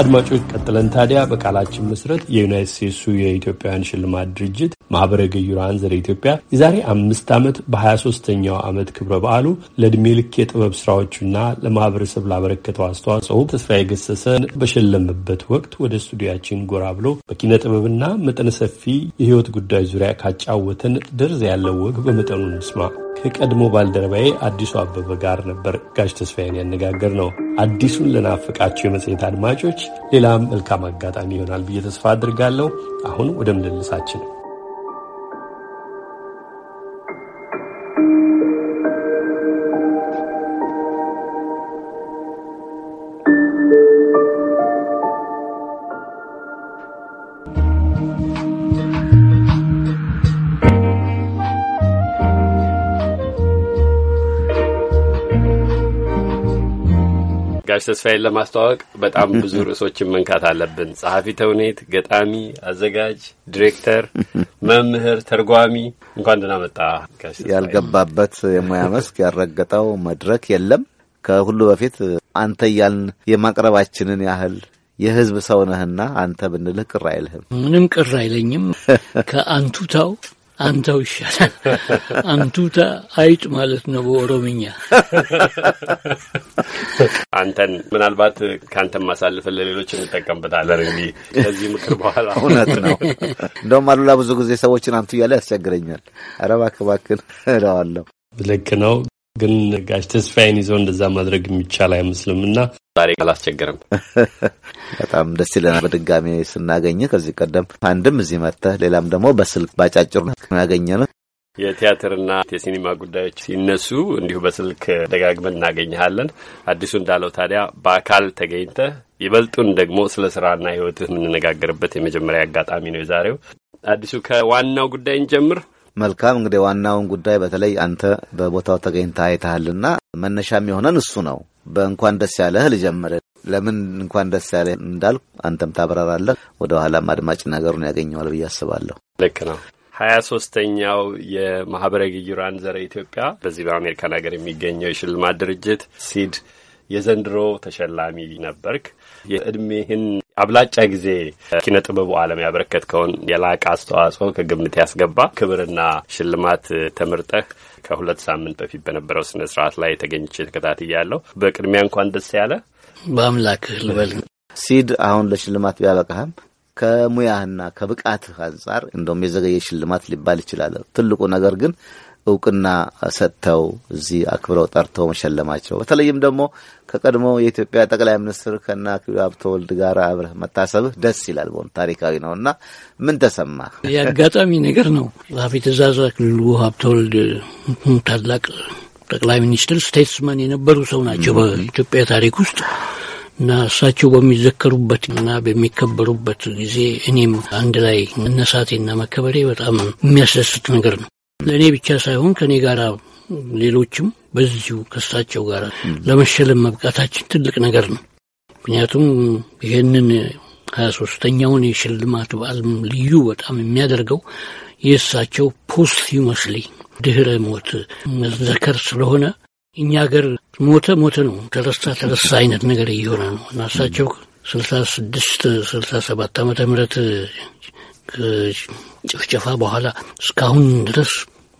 አድማጮች፣ ቀጥለን ታዲያ በቃላችን መሰረት የዩናይት ስቴትሱ የኢትዮጵያውያን ሽልማት ድርጅት ማኅበረ ገዩር ዘረ ኢትዮጵያ የዛሬ አምስት ዓመት በ23ኛው ዓመት ክብረ በዓሉ ለዕድሜ ልክ የጥበብ ሥራዎቹና ለማኅበረሰብ ላበረከተው አስተዋጽኦ ተስፋዬ ገሰሰን በሸለመበት ወቅት ወደ ስቱዲያችን ጎራ ብሎ በኪነ ጥበብና መጠነ ሰፊ የሕይወት ጉዳይ ዙሪያ ካጫወተን ደርዝ ያለው ወግ በመጠኑ እንስማ። ከቀድሞ ባልደረባዬ አዲሱ አበበ ጋር ነበር ጋሽ ተስፋዬን ያነጋገር ነው። አዲሱን ለናፈቃቸው የመጽሔት አድማጮች ሌላም መልካም አጋጣሚ ይሆናል ብዬ ተስፋ አድርጋለሁ። አሁን ወደ ምልልሳችን ጋሽ ተስፋዬን ለማስተዋወቅ በጣም ብዙ ርዕሶችን መንካት አለብን። ጸሐፊ ተውኔት፣ ገጣሚ፣ አዘጋጅ፣ ዲሬክተር፣ መምህር፣ ተርጓሚ። እንኳን ደህና መጣ። ያልገባበት የሙያ መስክ ያልረገጠው መድረክ የለም። ከሁሉ በፊት አንተ እያልን የማቅረባችንን ያህል የህዝብ ሰው ነህና አንተ ብንልህ ቅር አይልህም? ምንም ቅር አይለኝም። ከአንቱታው አንተው ይሻላል። አንቱታ አይጥ ማለት ነው በኦሮምኛ። አንተን ምናልባት ከአንተም ማሳልፍ ለሌሎች እንጠቀምበታለን። እንግዲህ ከዚህ ምክር በኋላ እውነት ነው። እንደውም አሉላ ብዙ ጊዜ ሰዎችን አንቱ እያለ ያስቸግረኛል። ኧረ እባክህ እባክህን እለዋለሁ። ልክ ነው። ግን ጋሽ ተስፋዬን ይዞ እንደዛ ማድረግ የሚቻል አይመስልም እና ዛሬ አላስቸገርም። በጣም ደስ ይለናል በድጋሚ ስናገኝ። ከዚህ ቀደም አንድም እዚህ መጥተህ ሌላም ደግሞ በስልክ ባጫጭር ያገኘ ነው። የቲያትርና የሲኒማ ጉዳዮች ሲነሱ እንዲሁ በስልክ ደጋግመን እናገኘሃለን። አዲሱ እንዳለው ታዲያ በአካል ተገኝተህ ይበልጡን ደግሞ ስለ ስራና ህይወትህ የምንነጋገርበት የመጀመሪያ አጋጣሚ ነው የዛሬው። አዲሱ ከዋናው ጉዳይን ጀምር መልካም እንግዲህ ዋናውን ጉዳይ በተለይ አንተ በቦታው ተገኝታ አይተሃልና መነሻም የሆነን እሱ ነው። በእንኳን ደስ ያለህ ልጀምር። ለምን እንኳን ደስ ያለህ እንዳልኩ አንተም ታብራራለህ። ወደ ኋላም አድማጭ ነገሩን ያገኘዋል ብዬ አስባለሁ። ልክ ነው። ሀያ ሶስተኛው የማህበረ ግዩራን ዘረ ኢትዮጵያ በዚህ በአሜሪካን ሀገር የሚገኘው የሽልማት ድርጅት ሲድ የዘንድሮ ተሸላሚ ነበርክ። የእድሜህን አብላጫ ጊዜ ኪነ ጥበቡ ዓለም ያበረከትከውን የላቀ አስተዋጽኦ ከግምት ያስገባ ክብርና ሽልማት ተመርጠህ ከሁለት ሳምንት በፊት በነበረው ስነ ስርዓት ላይ ተገኝቼ ተከታትያለሁ። በቅድሚያ እንኳን ደስ ያለ በአምላክህ ልበል። ሲድ አሁን ለሽልማት ቢያበቃህም ከሙያህና ከብቃትህ አንጻር እንደውም የዘገየ ሽልማት ሊባል ይችላል። ትልቁ ነገር ግን እውቅና ሰጥተው እዚህ አክብረው ጠርተው መሸለማቸው በተለይም ደግሞ ከቀድሞ የኢትዮጵያ ጠቅላይ ሚኒስትር ከነ አክሊሉ ሀብተወልድ ጋር አብረህ መታሰብህ ደስ ይላል። በሆን ታሪካዊ ነው እና ምን ተሰማ? የአጋጣሚ ነገር ነው። ጸሐፊ ትእዛዝ አክሊሉ ሀብተወልድ ታላቅ ጠቅላይ ሚኒስትር ስቴትስመን የነበሩ ሰው ናቸው በኢትዮጵያ ታሪክ ውስጥ እና እሳቸው በሚዘከሩበት እና በሚከበሩበት ጊዜ እኔም አንድ ላይ መነሳቴና መከበሬ በጣም የሚያስደስት ነገር ነው። ለእኔ ብቻ ሳይሆን ከእኔ ጋር ሌሎችም በዚሁ ከሳቸው ጋር ለመሸለም መብቃታችን ትልቅ ነገር ነው። ምክንያቱም ይህንን ሀያ ሶስተኛውን የሽልማት በዓል ልዩ በጣም የሚያደርገው የእሳቸው ፖስት ዩመስሊ ድህረ ሞት መዘከር ስለሆነ እኛ ሀገር ሞተ ሞተ ነው፣ ተረሳ ተረሳ አይነት ነገር እየሆነ ነው እና እሳቸው ስልሳ ስድስት ስልሳ ሰባት ዓመተ ምህረት ጭፍጨፋ በኋላ እስካሁን ድረስ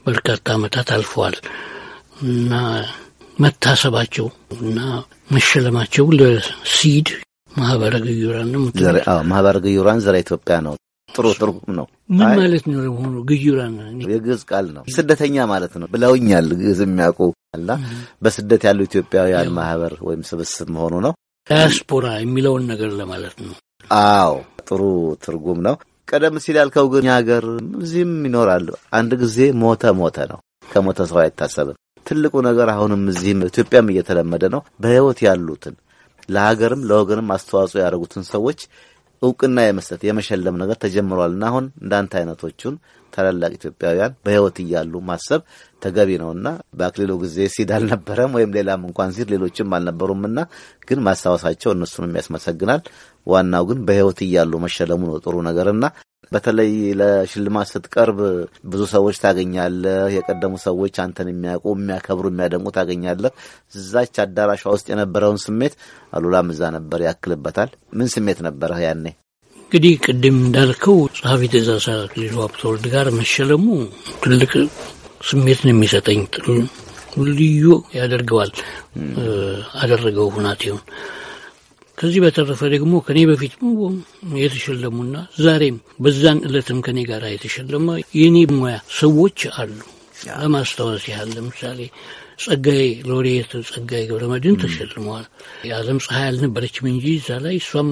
በርካታ ዓመታት አልፈዋል እና መታሰባቸው እና መሸለማቸው ለሲድ ማህበረ ግዩራን ማህበረ ግዩራን ዘረ ኢትዮጵያ ነው። ጥሩ ጥሩ ነው። ምን ማለት ነው ለመሆኑ? ግዩራን የግዕዝ ቃል ነው፣ ስደተኛ ማለት ነው ብለውኛል ግዕዝ የሚያውቁ አላ በስደት ያሉ ኢትዮጵያውያን ማህበር ወይም ስብስብ መሆኑ ነው። ዳያስፖራ የሚለውን ነገር ለማለት ነው። አዎ ጥሩ ትርጉም ነው። ቀደም ሲል ያልከው ግን እኛ ሀገር እዚህም ይኖራሉ። አንድ ጊዜ ሞተ ሞተ ነው። ከሞተ ሰው አይታሰብም። ትልቁ ነገር አሁንም እዚህም ኢትዮጵያም እየተለመደ ነው። በህይወት ያሉትን ለሀገርም ለወገንም አስተዋጽኦ ያደረጉትን ሰዎች እውቅና የመስጠት የመሸለም ነገር ተጀምሯል ተጀምሯልና አሁን እንዳንተ አይነቶቹን ታላላቅ ኢትዮጵያውያን በህይወት እያሉ ማሰብ ተገቢ ነው ነውና በአክሊሉ ጊዜ ሲድ አልነበረም ወይም ሌላም እንኳን ሲድ ሌሎችም አልነበሩም አልነበሩምና ግን ማስታወሳቸው እነሱንም ያስመሰግናል። ዋናው ግን በህይወት እያሉ መሸለሙ ነው ጥሩ ነገርና በተለይ ለሽልማት ስትቀርብ ብዙ ሰዎች ታገኛለህ። የቀደሙ ሰዎች አንተን የሚያውቁ የሚያከብሩ፣ የሚያደንቁ ታገኛለህ። እዛች አዳራሿ ውስጥ የነበረውን ስሜት አሉላም እዛ ነበር ያክልበታል። ምን ስሜት ነበረህ ያኔ? እንግዲህ ቅድም እንዳልከው ጸሐፊ ትእዛዝ አክሊሉ ሀብተወልድ ጋር መሸለሙ ትልቅ ስሜት ነው የሚሰጠኝ። ልዩ ያደርገዋል። አደረገው ሁናቴውን ከዚህ በተረፈ ደግሞ ከኔ በፊት የተሸለሙና ዛሬም በዛን እለትም ከኔ ጋር የተሸለመ የኔ ሙያ ሰዎች አሉ። ለማስታወስ ያህል ለምሳሌ ጸጋዬ ሎሬት ጸጋዬ ገብረመድን ተሸልመዋል። የዓለም ፀሐይ አልነበረችም እንጂ እዛ ላይ እሷም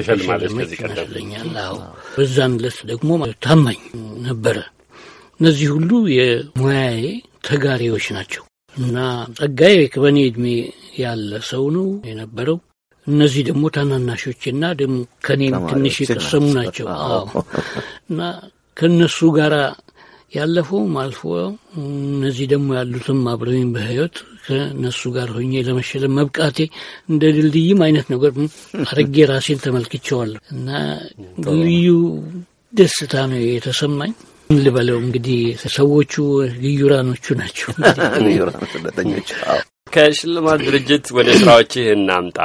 ተሸልማለች ይመስለኛል። አዎ በዛን ዕለት ደግሞ ታማኝ ነበረ። እነዚህ ሁሉ የሙያዬ ተጋሪዎች ናቸው እና ጸጋዬ ከበኔ እድሜ ያለ ሰው ነው የነበረው እነዚህ ደግሞ ታናናሾችና ደግሞ ከኔም ትንሽ የቀሰሙ ናቸው እና ከእነሱ ጋር ያለፈውም አልፎ እነዚህ ደግሞ ያሉትም አብረውኝ በህይወት ከእነሱ ጋር ሆኜ ለመሸለም መብቃቴ እንደ ድልድይም አይነት ነገር አድርጌ ራሴን ተመልክቼዋለሁ እና ልዩ ደስታ ነው የተሰማኝ። ልበለው እንግዲህ ሰዎቹ ግዩራኖቹ ናቸው፣ ከሽልማት ድርጅት ወደ ስራዎችህ እናምጣ።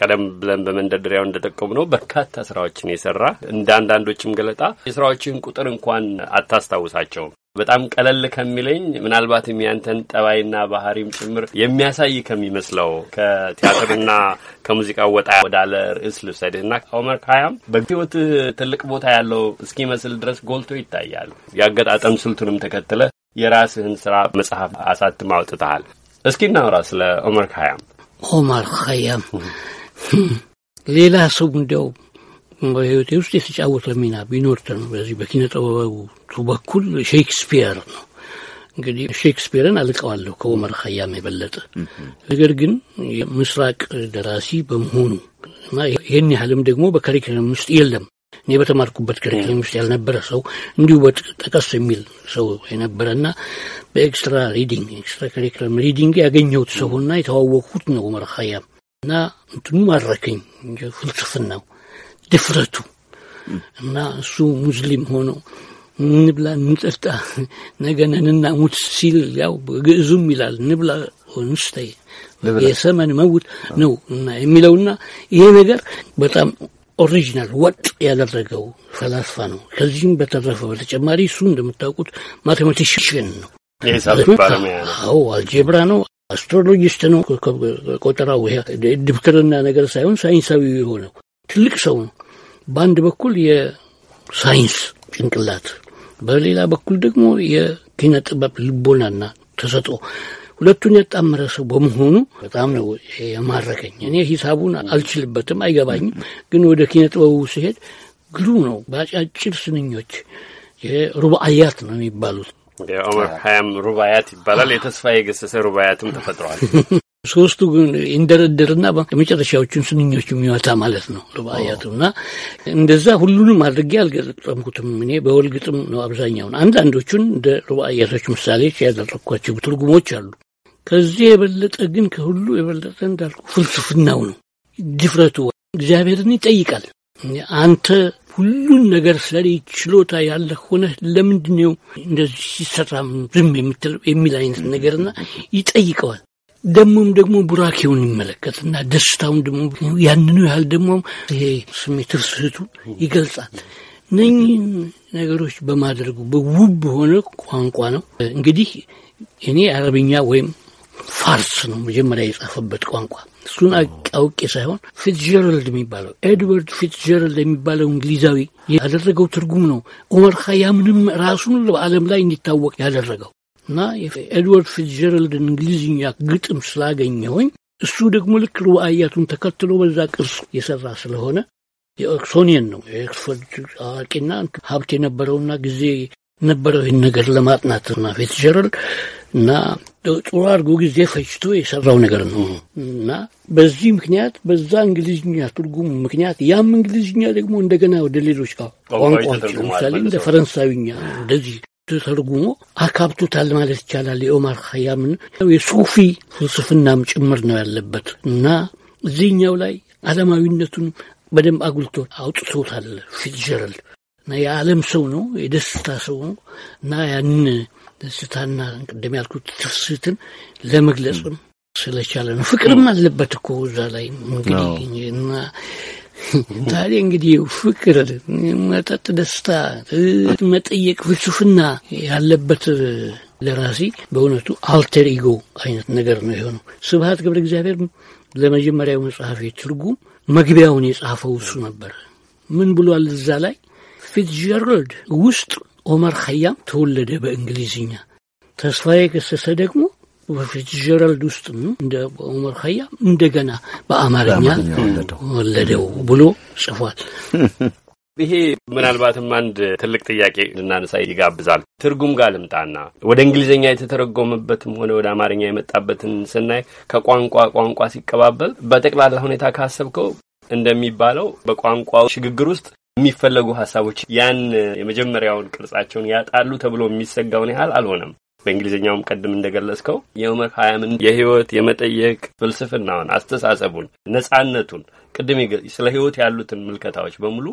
ቀደም ብለን በመንደርደሪያው እንደጠቀሙ ነው በርካታ ስራዎችን የሰራ እንደ አንዳንዶችም ገለጣ የስራዎችህን ቁጥር እንኳን አታስታውሳቸውም። በጣም ቀለል ከሚለኝ ምናልባትም ያንተን ጠባይና ባህሪም ጭምር የሚያሳይ ከሚመስለው ከቲያትርና ከሙዚቃ ወጣ ወዳለ ርዕስ ልብሰድህና ኦመር ካያም በህይወት ትልቅ ቦታ ያለው እስኪመስል ድረስ ጎልቶ ይታያል። የአገጣጠም ስልቱንም ተከትለ የራስህን ስራ መጽሐፍ አሳትማ አውጥተሃል። እስኪ እናውራ ስለ ኦመር ኸያም። ኦመር ኸያም ሌላ ሰው እንዲያው በህይወቴ ውስጥ የተጫወተ ሚና ቢኖር ነው በዚህ በኪነ ጥበቡ በኩል ሼክስፒየር ነው። እንግዲህ ሼክስፒርን አልቀዋለሁ ከኦመር ኸያም የበለጠ ነገር ግን የምስራቅ ደራሲ በመሆኑ እና ይህን ያህልም ደግሞ በከሪክለም ውስጥ የለም እኔ በተማርኩበት ክርክልም ውስጥ ያልነበረ ሰው እንዲሁ ጠቀስ የሚል ሰው የነበረ የነበረና በኤክስትራ ሪዲንግ ኤክስትራ ከሪክለም ሪዲንግ ያገኘሁት ሰውና የተዋወቅሁት ነው ዑመር ኸያም እና እንትኑ ማረከኝ ፍልስፍናው፣ ድፍረቱ እና እሱ ሙስሊም ሆኖ እንብላ እንጠጣ ነገነን እናሙት ሲል ያው ግዕዙም ይላል እንብላ እንስተይ የሰመን መውት ነው እና የሚለውና ይሄ ነገር በጣም ኦሪጂናል ወጥ ያደረገው ፈላስፋ ነው። ከዚህም በተረፈ በተጨማሪ እሱ እንደምታውቁት ማቴማቲሽን ነው። ው አልጀብራ ነው። አስትሮሎጂስት ነው። ቆጠራው ድብትርና ነገር ሳይሆን ሳይንሳዊ የሆነው ትልቅ ሰው ነው። በአንድ በኩል የሳይንስ ጭንቅላት፣ በሌላ በኩል ደግሞ የኪነ ጥበብ ልቦናና ተሰጥኦ ሁለቱን ያጣመረ ሰው በመሆኑ በጣም ነው የማረከኝ። እኔ ሂሳቡን አልችልበትም፣ አይገባኝም። ግን ወደ ኪነ ጥበቡ ሲሄድ ግሩም ነው። በአጫጭር ስንኞች የሩባአያት ነው የሚባሉት። የኦመር ሀያም ሩባያት ይባላል። የተስፋ የገሰሰ ሩባያትም ተፈጥረዋል። ሶስቱ ግን እንደረደርና የመጨረሻዎቹን ስንኞች የሚመታ ማለት ነው ሩባያቱ እና እንደዛ ሁሉንም አድርጌ አልገጠምኩትም። እኔ በወልግጥም ነው አብዛኛውን አንዳንዶቹን እንደ ሩባያቶች ምሳሌ ያደረግኳቸው ትርጉሞች አሉ። ከዚህ የበለጠ ግን ከሁሉ የበለጠ እንዳልኩ ፍልስፍናው ነው፣ ድፍረቱ እግዚአብሔርን ይጠይቃል። አንተ ሁሉን ነገር ስለ ችሎታ ያለ ሆነ ለምንድን እንደዚህ ሲሰራ ዝም የምትለው የሚል አይነት ነገርና ይጠይቀዋል። ደግሞም ደግሞ ቡራኬውን ይመለከትና ደስታውን ደግሞ ያንኑ ያህል ደግሞ ይሄ ስሜት ርስህቱ ይገልጻል። እነኝህን ነገሮች በማድረጉ በውብ በሆነ ቋንቋ ነው እንግዲህ እኔ አረብኛ ወይም ፋርስ ነው መጀመሪያ የጻፈበት ቋንቋ። እሱን አውቄ ሳይሆን ፊትጀራልድ የሚባለው ኤድዋርድ ፊትጀራልድ የሚባለው እንግሊዛዊ ያደረገው ትርጉም ነው ኦመር ኸያምንም ራሱን በዓለም ላይ እንዲታወቅ ያደረገው እና ኤድዋርድ ፊትጀራልድን እንግሊዝኛ ግጥም ስላገኘሁኝ እሱ ደግሞ ልክ ሩዋያቱን ተከትሎ በዛ ቅርጽ የሰራ ስለሆነ የኦክሶኒየን ነው የኦክስፎርድ አዋቂና ሀብት የነበረውና ጊዜ ነበረው ይህን ነገር ለማጥናትና ፊትጀራልድ እና ጥሩ አድርጎ ጊዜ ፈጅቶ የሰራው ነገር ነው እና በዚህ ምክንያት በዛ እንግሊዝኛ ትርጉሙ ምክንያት ያም እንግሊዝኛ ደግሞ እንደገና ወደ ሌሎች ቋንቋዎች ለምሳሌ እንደ ፈረንሳዊኛ እንደዚህ ተተርጉሞ አካብቶታል ማለት ይቻላል። የኦማር ኸያምን የሱፊ ፍልስፍናም ጭምር ነው ያለበት እና እዚህኛው ላይ ዓለማዊነቱን በደንብ አጉልቶ አውጥቶታል ፊትጀረል እና የዓለም ሰው ነው፣ የደስታ ሰው ነው እና ያን ደስታና ቅድም ያልኩት ትስስትን ለመግለጹም ስለቻለ ነው። ፍቅርም አለበት እኮ እዛ ላይ እንግዲህ እና ታዲያ እንግዲህ ፍቅር፣ መጠጥ፣ ደስታ፣ መጠየቅ፣ ፍልስፍና ያለበት ደራሲ በእውነቱ አልተር ኢጎ አይነት ነገር ነው የሆነው። ስብሐት ገብረ እግዚአብሔር ለመጀመሪያው መጽሐፍ ትርጉም መግቢያውን የጻፈው እሱ ነበር። ምን ብሏል እዛ ላይ ፊትጀራልድ ውስጥ ኦመር ኸያም ተወለደ በእንግሊዝኛ። ተስፋዬ ገሰሰ ደግሞ ጀራልድ ውስጥ እንደ ኦመር ኸያም እንደገና በአማርኛ ወለደው ብሎ ጽፏል። ይሄ ምናልባትም አንድ ትልቅ ጥያቄ ልናነሳ ይጋብዛል። ትርጉም ጋር ልምጣና ወደ እንግሊዝኛ የተተረጎመበትም ሆነ ወደ አማርኛ የመጣበትን ስናይ ከቋንቋ ቋንቋ ሲቀባበል በጠቅላላ ሁኔታ ካሰብከው እንደሚባለው በቋንቋ ሽግግር ውስጥ የሚፈለጉ ሀሳቦች ያን የመጀመሪያውን ቅርጻቸውን ያጣሉ ተብሎ የሚሰጋውን ያህል አልሆነም። በእንግሊዝኛውም ቀድም እንደገለጽከው የዑመር ሀያምን የህይወት የመጠየቅ ፍልስፍናውን፣ አስተሳሰቡን፣ ነጻነቱን ቅድም ስለ ህይወት ያሉትን ምልከታዎች በሙሉ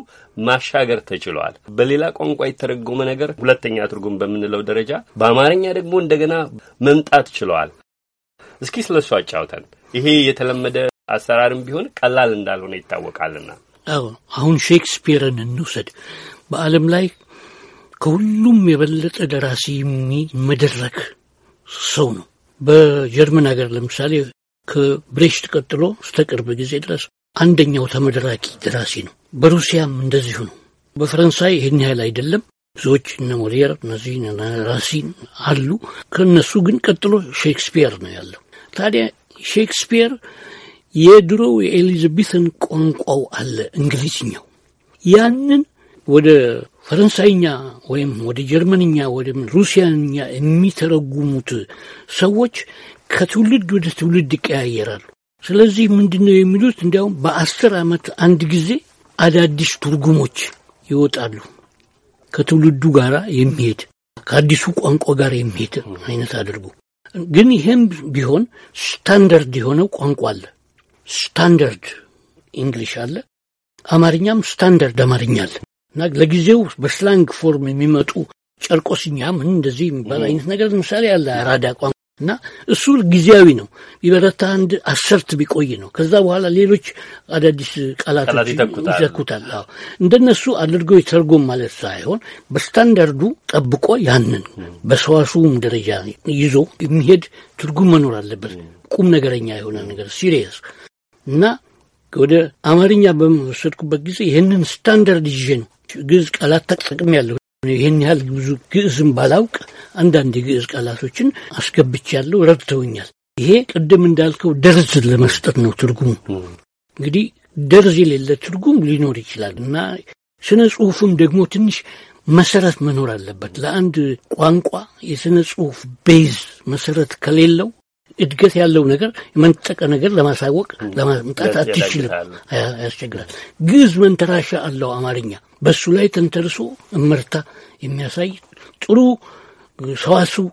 ማሻገር ተችሏል። በሌላ ቋንቋ የተረጎመ ነገር ሁለተኛ ትርጉም በምንለው ደረጃ በአማርኛ ደግሞ እንደገና መምጣት ችለዋል። እስኪ ስለ እሱ አጫውተን። ይሄ የተለመደ አሰራርም ቢሆን ቀላል እንዳልሆነ ይታወቃልና አሁን ሼክስፒርን እንውሰድ። በዓለም ላይ ከሁሉም የበለጠ ደራሲ የሚመደረክ ሰው ነው። በጀርመን ሀገር ለምሳሌ ከብሬሽት ቀጥሎ እስከ ቅርብ ጊዜ ድረስ አንደኛው ተመደራቂ ደራሲ ነው። በሩሲያም እንደዚሁ ነው። በፈረንሳይ ይህን ያህል አይደለም። ብዙዎች እነ ሞሊየር እነዚህ ራሲን አሉ። ከእነሱ ግን ቀጥሎ ሼክስፒየር ነው ያለው። ታዲያ ሼክስፒየር የድሮው የኤሊዛቤትን ቋንቋው አለ እንግሊዝኛው ያንን ወደ ፈረንሳይኛ ወይም ወደ ጀርመንኛ ወይም ሩሲያኛ የሚተረጉሙት ሰዎች ከትውልድ ወደ ትውልድ ይቀያየራሉ። ስለዚህ ምንድን ነው የሚሉት? እንዲያውም በአስር ዓመት አንድ ጊዜ አዳዲስ ትርጉሞች ይወጣሉ። ከትውልዱ ጋር የሚሄድ ከአዲሱ ቋንቋ ጋር የሚሄድ አይነት አድርጉ። ግን ይህም ቢሆን ስታንዳርድ የሆነው ቋንቋ አለ። ስታንዳርድ እንግሊሽ አለ፣ አማርኛም ስታንዳርድ አማርኛ አለ እና ለጊዜው በስላንግ ፎርም የሚመጡ ጨርቆስኛ ምን እንደዚህ የሚባል አይነት ነገር ለምሳሌ አለ አራዳ ቋንቋ እና እሱ ጊዜያዊ ነው። ቢበረታ አንድ አሰርት ቢቆይ ነው። ከዛ በኋላ ሌሎች አዳዲስ ቃላቶች ይተኩታል። እንደነሱ አድርገው የተርጎም ማለት ሳይሆን በስታንዳርዱ ጠብቆ ያንን በሰዋሱም ደረጃ ይዞ የሚሄድ ትርጉም መኖር አለበት። ቁም ነገረኛ የሆነ ነገር ሲሪየስ እና ወደ አማርኛ በመወሰድኩበት ጊዜ ይህንን ስታንዳርድ ይዤ ነው ግዕዝ ቃላት ተጠቅም ያለሁ። ይህን ያህል ብዙ ግዕዝም ባላውቅ አንዳንድ የግዕዝ ቃላቶችን ያለው ረድተውኛል። ይሄ ቅድም እንዳልከው ደርዝ ለመስጠት ነው ትርጉሙ። እንግዲህ ደርዝ የሌለ ትርጉም ሊኖር ይችላል እና ስነ ጽሁፍም ደግሞ ትንሽ መሰረት መኖር አለበት። ለአንድ ቋንቋ የስነ ጽሁፍ ቤዝ መሰረት ከሌለው እድገት ያለው ነገር የመንጠቀ ነገር ለማሳወቅ ለማምጣት አትችልም፣ ያስቸግራል። ግዕዝ መንተራሻ አለው አማርኛ። በሱ ላይ ተንተርሶ እመርታ የሚያሳይ ጥሩ ሰዋስው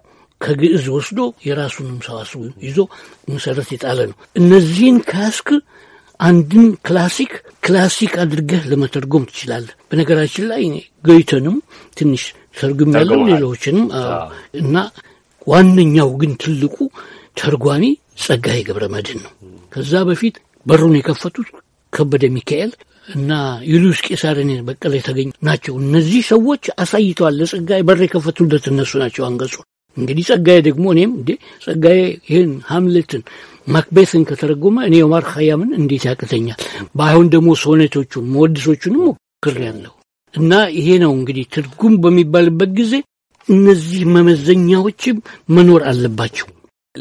ከግዕዝ ወስዶ የራሱንም ሰዋስው ይዞ መሰረት የጣለ ነው። እነዚህን ካስክ አንድን ክላሲክ ክላሲክ አድርገህ ለመተርጎም ትችላለህ። በነገራችን ላይ ገይተንም ትንሽ ተርጉም ያለው ሌሎችንም እና ዋነኛው ግን ትልቁ ተርጓሚ ጸጋዬ ገብረ መድን ነው። ከዛ በፊት በሩን የከፈቱት ከበደ ሚካኤል እና ዩልዩስ ቄሳርን በቀለ የተገኙ ናቸው። እነዚህ ሰዎች አሳይተዋል። ለጸጋዬ በር የከፈቱለት እነሱ ናቸው። አንገጹ እንግዲህ ጸጋዬ ደግሞ እኔም እንዴ ጸጋዬ ይህን ሀምሌትን ማክቤትን ከተረጎመ እኔ ኦማር ኸያምን እንዴት ያቅተኛል? በአሁን ደግሞ ሶኔቶቹን መወድሶቹንም ያለው እና ይሄ ነው እንግዲህ ትርጉም በሚባልበት ጊዜ እነዚህ መመዘኛዎችም መኖር አለባቸው።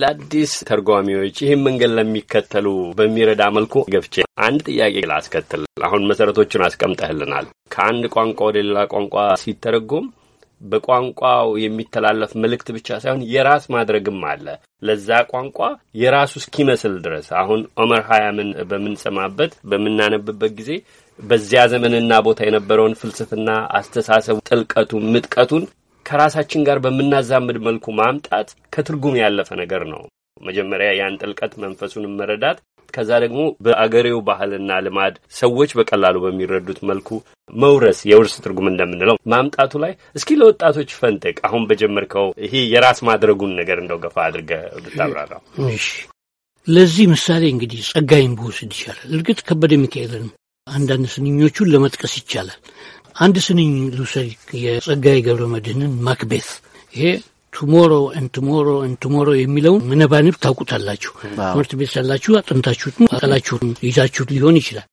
ለአዲስ ተርጓሚዎች ይህን መንገድ ለሚከተሉ በሚረዳ መልኩ ገፍቼ አንድ ጥያቄ ላስከትል። አሁን መሰረቶቹን አስቀምጠህልናል። ከአንድ ቋንቋ ወደ ሌላ ቋንቋ ሲተረጎም በቋንቋው የሚተላለፍ መልእክት ብቻ ሳይሆን የራስ ማድረግም አለ። ለዛ ቋንቋ የራሱ እስኪመስል ድረስ አሁን ኦመር ሀያምን በምንሰማበት በምናነብበት ጊዜ በዚያ ዘመንና ቦታ የነበረውን ፍልስፍና፣ አስተሳሰቡ፣ ጥልቀቱን፣ ምጥቀቱን ከራሳችን ጋር በምናዛምድ መልኩ ማምጣት ከትርጉም ያለፈ ነገር ነው። መጀመሪያ ያን ጥልቀት መንፈሱንም መረዳት ከዛ ደግሞ በአገሬው ባህልና ልማድ ሰዎች በቀላሉ በሚረዱት መልኩ መውረስ የውርስ ትርጉም እንደምንለው ማምጣቱ ላይ እስኪ ለወጣቶች ፈንጥቅ አሁን በጀመርከው ይሄ የራስ ማድረጉን ነገር እንደው ገፋ አድርገህ ብታብራራው። እሺ፣ ለዚህ ምሳሌ እንግዲህ ጸጋይን ብወስድ ይቻላል። እርግጥ ከበደ ሚካኤልን አንዳንድ ስንኞቹን ለመጥቀስ ይቻላል። አንድ ስንኝ ልውሰድ፣ የጸጋዬ ገብረ መድህንን ማክቤት። ይሄ ቱሞሮ ን ቱሞሮ ን ቱሞሮ የሚለውን ምነባንብ ታውቁታላችሁ። ትምህርት ቤት ሳላችሁ አጥንታችሁት አቀላችሁት ይዛችሁት ሊሆን ይችላል።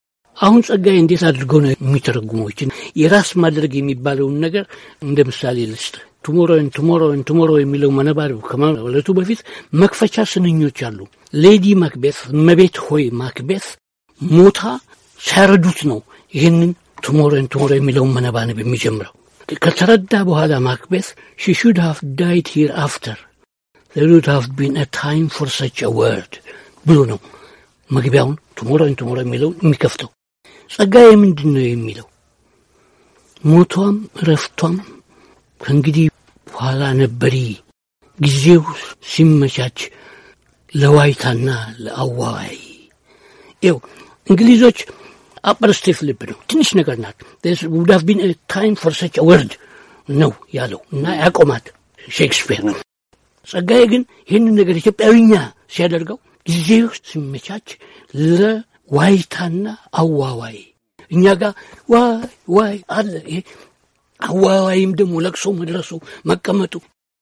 አሁን ጸጋዬ እንዴት አድርገው ነው የሚተረጉሞችን የራስ ማድረግ የሚባለውን ነገር እንደ ምሳሌ ልስጥ። ቱሞሮ ን ቱሞሮ ን ቱሞሮ የሚለው መነባንብ ከማለቱ በፊት መክፈቻ ስንኞች አሉ። ሌዲ ማክቤት፣ መቤት ሆይ ማክቤት ሞታ ሳያረዱት ነው ይህንን ቱሞሮን ቱሞሮ የሚለውን መነባነብ የሚጀምረው ከተረዳ በኋላ ማክቤት ሺ ሹድ ሃፍ ዳይት ሂር አፍተር ሩድ ሃፍ ቢን ታይም ፎር ሰች ወርድ ብሎ ነው መግቢያውን ቱሞሮን ቱሞሮ የሚለውን የሚከፍተው። ጸጋዬ ምንድን ነው የሚለው ሞቷም እረፍቷም ከእንግዲህ በኋላ ነበሪ ጊዜው ሲመቻች ለዋይታና ለአዋይ ው እንግሊዞች አጵርስቴፍ ልብ ነው። ትንሽ ነገር ናት። ውዳፍ ቢን ታይም ፎር ሰች ወርድ ነው ያለው እና ያቆማት ሼክስፒር። ጸጋዬ ግን ይህንን ነገር ኢትዮጵያዊኛ ሲያደርገው ጊዜ ሲመቻች ለዋይታና አዋዋይ እኛ ጋር ዋይ ዋይ አለ። ይሄ አዋዋይም ደግሞ ለቅሶ መድረሱ መቀመጡ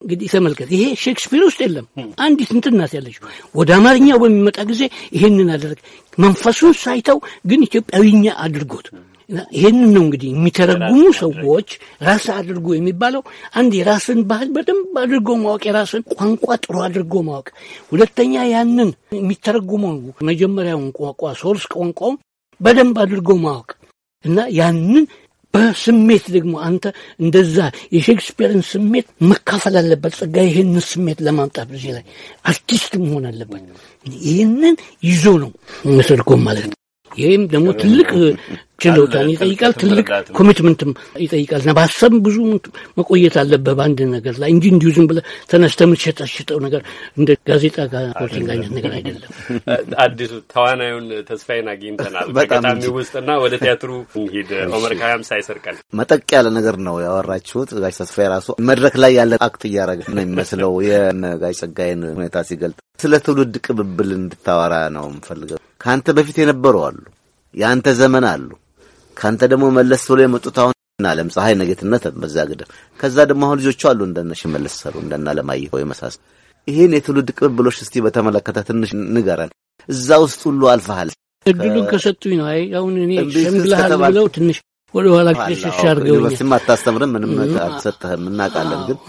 እንግዲህ ተመልከት፣ ይሄ ሼክስፒር ውስጥ የለም። አንዲት እንትን ናት ያለችው። ወደ አማርኛው በሚመጣ ጊዜ ይሄንን አደረግ መንፈሱን ሳይተው ግን ኢትዮጵያዊኛ አድርጎት ይሄንን ነው እንግዲህ የሚተረጉሙ ሰዎች ራስ አድርጎ የሚባለው አንድ የራስን ባህል በደንብ አድርጎ ማወቅ፣ የራስን ቋንቋ ጥሩ አድርጎ ማወቅ፣ ሁለተኛ ያንን የሚተረጉመው መጀመሪያውን ቋንቋ ሶርስ ቋንቋውን በደንብ አድርጎ ማወቅ እና ያንን በስሜት ደግሞ አንተ እንደዛ የሼክስፒርን ስሜት መካፈል አለበት። ጸጋ ይህን ስሜት ለማምጣት እዚህ ላይ አርቲስት መሆን አለበት። ይህንን ይዞ ነው መሰድጎም ማለት ነው። ይህም ደግሞ ትልቅ ችሎታን ይጠይቃል፣ ትልቅ ኮሚትመንትም ይጠይቃል እና በሀሳብ ብዙ መቆየት አለበት በአንድ ነገር ላይ እንጂ እንዲሁ ዝም ብለህ ተነስተህ የምትሸጣሸጠው ነገር እንደ ጋዜጣ ጋር አይነት ነገር አይደለም። አዲሱ ተዋናዩን ተስፋዬን አግኝተናል። በጣም ውስጥና ወደ ቲያትሩ ሄድ ኦመር ካያም ሳይሰርቀን መጠቅ ያለ ነገር ነው ያወራችሁት። ጋሽ ተስፋዬ ራሱ መድረክ ላይ ያለ አክት እያደረገ ነው የሚመስለው የጋሽ ጸጋዬን ሁኔታ ሲገልጥ ስለ ትውልድ ቅብብል እንድታወራ ነው የምፈልገው። ከአንተ በፊት የነበሩ አሉ፣ የአንተ ዘመን አሉ። ከአንተ ደግሞ መለስ ብሎ የመጡት አሁን እና ዓለም ፀሐይ ነጌትነት በዛ ግድም ከዛ ደግሞ አሁን ልጆቹ አሉ እንደነሽ መለስ ሰሩ እንደና ለማየው የመሳሰሉ ይህን የትውልድ ቅብብሎች እስቲ በተመለከተ ትንሽ ንገረን። እዛ ውስጥ ሁሉ አልፈሃል። እድሉን ከሰጡኝ ነው። አይ አሁን እኔ ሸምግልሃል ብለው ትንሽ ወደ ኋላ ሽሽ አድርገው ዩኒቨርስቲም አታስተምርም ምንም አልተሰጠህም እናውቃለን። ግን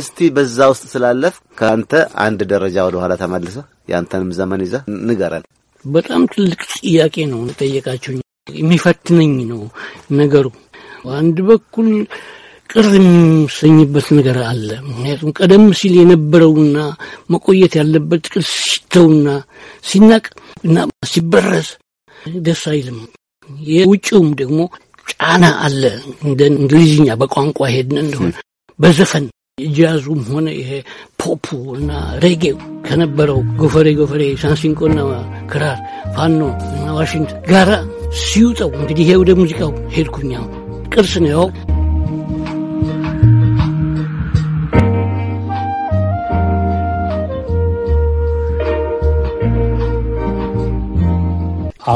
እስቲ በዛ ውስጥ ስላለፍ ከአንተ አንድ ደረጃ ወደ ኋላ ተመልሰ ያንተንም ዘመን ይዘህ ንገረን። በጣም ትልቅ ጥያቄ ነው ጠየቃቸው። የሚፈትነኝ ነው ነገሩ። አንድ በኩል ቅር የሚሰኝበት ነገር አለ። ምክንያቱም ቀደም ሲል የነበረውና መቆየት ያለበት ቅርስ ሲተውና ሲናቅ እና ሲበረዝ ደስ አይልም። የውጭውም ደግሞ ጫና አለ። እንደ እንግሊዝኛ በቋንቋ ሄድን እንደሆነ በዘፈን ጃዙም ሆነ ይሄ ፖፑ እና ሬጌው ከነበረው ጎፈሬ ጎፈሬ ሳንሲንቆና ክራር ፋኖ እና ዋሽንግተን ጋራ ሲውጠው እንግዲህ ይሄ ወደ ሙዚቃው ሄድኩኛ። ቅርስ ነው ያው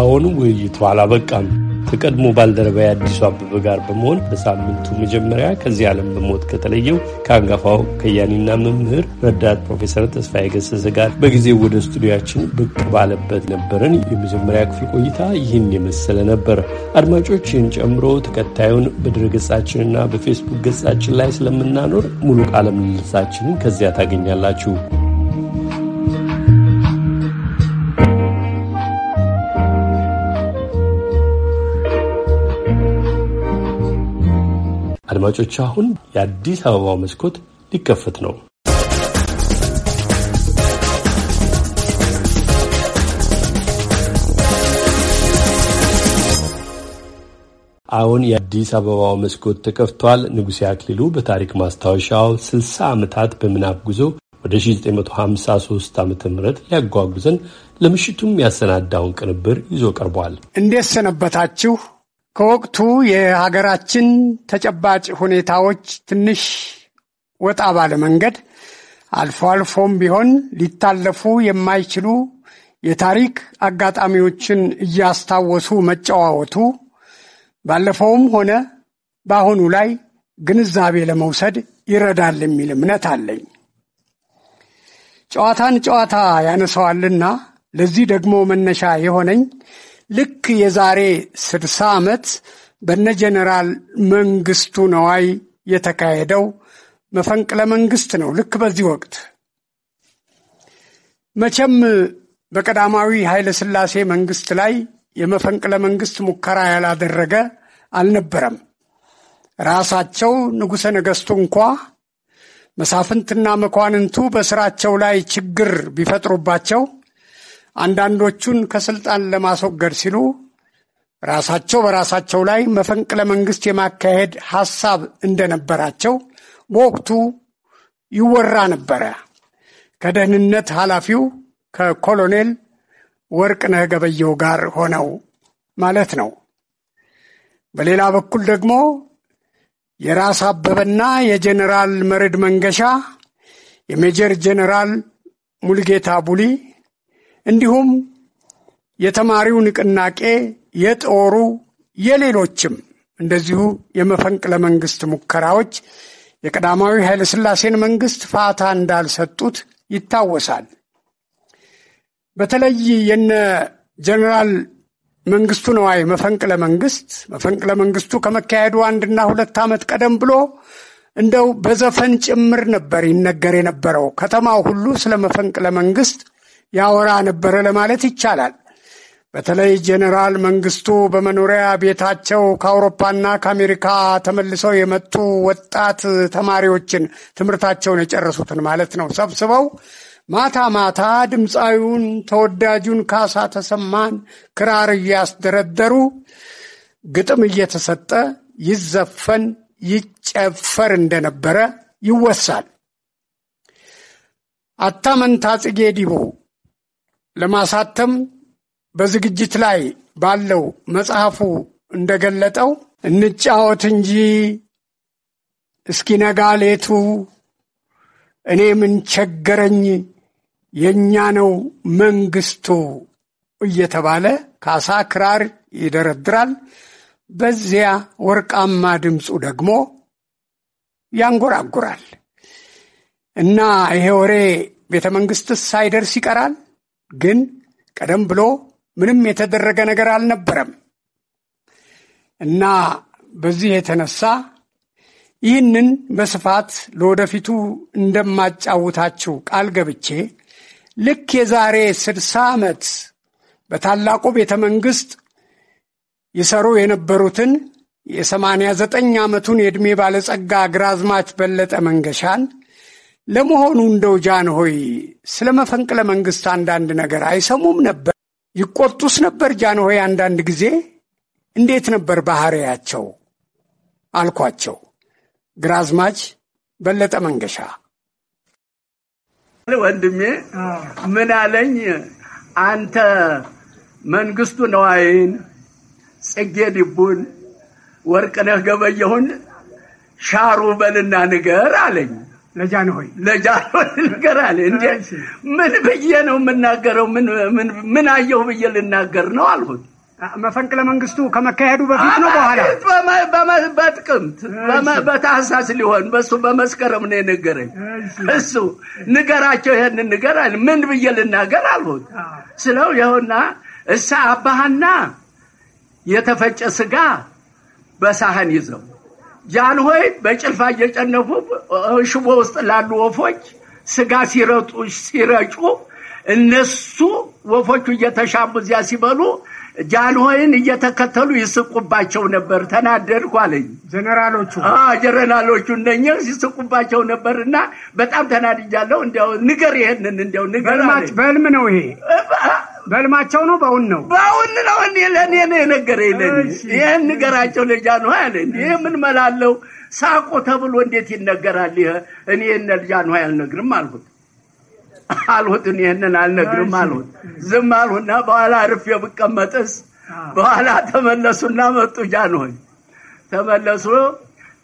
አሁንም ውይይቱ አላበቃም። ከቀድሞ ባልደረባ አዲሱ አበበ ጋር በመሆን በሳምንቱ መጀመሪያ ከዚህ ዓለም በሞት ከተለየው ከአንጋፋው ከያኒና መምህር ረዳት ፕሮፌሰር ተስፋዬ ገሰሰ ጋር በጊዜው ወደ ስቱዲያችን ብቅ ባለበት ነበረን። የመጀመሪያ ክፍል ቆይታ ይህን የመሰለ ነበር። አድማጮች ይህን ጨምሮ ተከታዩን በድረ ገጻችንና በፌስቡክ ገጻችን ላይ ስለምናኖር ሙሉ ቃለ ምልልሳችንን ከዚያ ታገኛላችሁ። አድማጮች፣ አሁን የአዲስ አበባ መስኮት ሊከፈት ነው። አሁን የአዲስ አበባው መስኮት ተከፍቷል። ንጉሴ አክሊሉ በታሪክ ማስታወሻው 60 ዓመታት በምናብ ጉዞ ወደ 1953 ዓ ም ሊያጓጉዘን ለምሽቱም ያሰናዳውን ቅንብር ይዞ ቀርቧል። እንዴት ሰነበታችሁ? ከወቅቱ የሀገራችን ተጨባጭ ሁኔታዎች ትንሽ ወጣ ባለ መንገድ አልፎ አልፎም ቢሆን ሊታለፉ የማይችሉ የታሪክ አጋጣሚዎችን እያስታወሱ መጨዋወቱ ባለፈውም ሆነ በአሁኑ ላይ ግንዛቤ ለመውሰድ ይረዳል የሚል እምነት አለኝ። ጨዋታን ጨዋታ ያነሰዋልና ለዚህ ደግሞ መነሻ የሆነኝ ልክ የዛሬ ስድሳ ዓመት በነ ጀኔራል መንግስቱ ነዋይ የተካሄደው መፈንቅለ መንግስት ነው። ልክ በዚህ ወቅት መቼም በቀዳማዊ ኃይለ ሥላሴ መንግስት ላይ የመፈንቅለ መንግስት ሙከራ ያላደረገ አልነበረም። ራሳቸው ንጉሠ ነገሥቱ እንኳ መሳፍንትና መኳንንቱ በስራቸው ላይ ችግር ቢፈጥሩባቸው አንዳንዶቹን ከስልጣን ለማስወገድ ሲሉ ራሳቸው በራሳቸው ላይ መፈንቅለ መንግስት የማካሄድ ሐሳብ እንደነበራቸው በወቅቱ ይወራ ነበረ። ከደህንነት ኃላፊው ከኮሎኔል ወርቅነህ ገበየሁ ጋር ሆነው ማለት ነው። በሌላ በኩል ደግሞ የራስ አበበና የጀኔራል መርድ መንገሻ፣ የሜጀር ጀኔራል ሙልጌታ ቡሊ እንዲሁም የተማሪው ንቅናቄ፣ የጦሩ፣ የሌሎችም እንደዚሁ የመፈንቅለ ለመንግስት ሙከራዎች የቀዳማዊ ኃይለ ሥላሴን መንግስት ፋታ እንዳልሰጡት ይታወሳል። በተለይ የነ ጀኔራል መንግስቱ ነዋይ መፈንቅለ መንግስት መፈንቅለ መንግስቱ ከመካሄዱ አንድና ሁለት ዓመት ቀደም ብሎ እንደው በዘፈን ጭምር ነበር ይነገር የነበረው። ከተማው ሁሉ ስለ መፈንቅለ መንግስት ያወራ ነበረ ለማለት ይቻላል። በተለይ ጄኔራል መንግስቱ በመኖሪያ ቤታቸው ከአውሮፓና ከአሜሪካ ተመልሰው የመጡ ወጣት ተማሪዎችን ትምህርታቸውን የጨረሱትን ማለት ነው ሰብስበው ማታ ማታ ድምፃዊውን ተወዳጁን ካሳ ተሰማን ክራር እያስደረደሩ ግጥም እየተሰጠ ይዘፈን ይጨፈር እንደነበረ ይወሳል። አታመንታ ጽጌ ዲቦ ለማሳተም በዝግጅት ላይ ባለው መጽሐፉ እንደገለጠው እንጫወት እንጂ እስኪነጋ ሌቱ እኔ ምን ቸገረኝ የእኛ ነው መንግስቱ እየተባለ ካሳ ክራር ይደረድራል። በዚያ ወርቃማ ድምፁ ደግሞ ያንጎራጉራል እና ይሄ ወሬ ቤተ መንግስትስ ሳይደርስ ይቀራል። ግን ቀደም ብሎ ምንም የተደረገ ነገር አልነበረም እና በዚህ የተነሳ ይህንን በስፋት ለወደፊቱ እንደማጫውታችሁ ቃል ገብቼ ልክ የዛሬ ስድሳ ዓመት በታላቁ ቤተ መንግሥት ይሰሩ የነበሩትን የሰማንያ ዘጠኝ ዓመቱን የዕድሜ ባለጸጋ ግራዝማች በለጠ መንገሻን ለመሆኑ እንደው ጃን ሆይ ስለ መፈንቅለ መንግሥት አንዳንድ ነገር አይሰሙም ነበር? ይቆጡስ ነበር? ጃን ሆይ አንዳንድ ጊዜ እንዴት ነበር ባህሪያቸው? አልኳቸው። ግራዝማች በለጠ መንገሻ ወንድሜ ምን አለኝ፣ አንተ መንግስቱ ነዋይን፣ ጽጌ ዲቡን፣ ወርቅነህ ገበየሁን ሻሩ በልና ንገር አለኝ። ለጃን ሆይ ለጃንሆይ ለጃንሆይ ልንገራል እንዴ ምን ብዬ ነው የምናገረው? ምን ምን አየሁ ብዬ ልናገር ነው አልሁት። መፈንቅለ መንግስቱ ከመካሄዱ በፊት ነው በኋላ በጥቅምት በታህሳስ ሊሆን በሱ በመስከረም ነው የነገረኝ። እሱ ንገራቸው፣ ይሄን አለ። ምን ብዬ ልናገር አልሁት ስለው ይኸውና እሳ አባሃና የተፈጨ ስጋ በሳህን ይዘው ጃንሆይ በጭልፋ እየጨነፉ ሽቦ ውስጥ ላሉ ወፎች ስጋ ሲረጡ ሲረጩ እነሱ ወፎቹ እየተሻሙ እዚያ ሲበሉ ጃንሆይን እየተከተሉ ይስቁባቸው ነበር። ተናደድኩ አለኝ። ጀነራሎቹ ጀነራሎቹ እነኝህ ሲስቁባቸው ነበር እና በጣም ተናድጃለሁ። እንዲያው ንገር፣ ይሄንን እንዲያው ንገር። በህልም ነው ይሄ በልማቸው ነው በእውን ነው በእውን ነው። እኔ ለእኔ ነው የነገረ ይለኝ ይህን ንገራቸው ለጃን ውሃ ያለ ይህ ምን መላለው ሳቆ ተብሎ እንዴት ይነገራል? ይህ እኔ እነ ልጃን ውሃ አልነግርም አልሁት አልሁት ይህንን አልነግርም አልሁት። ዝም አልሁና በኋላ አርፌ ብቀመጥስ በኋላ ተመለሱና መጡ ጃን ሆይ ተመለሱ።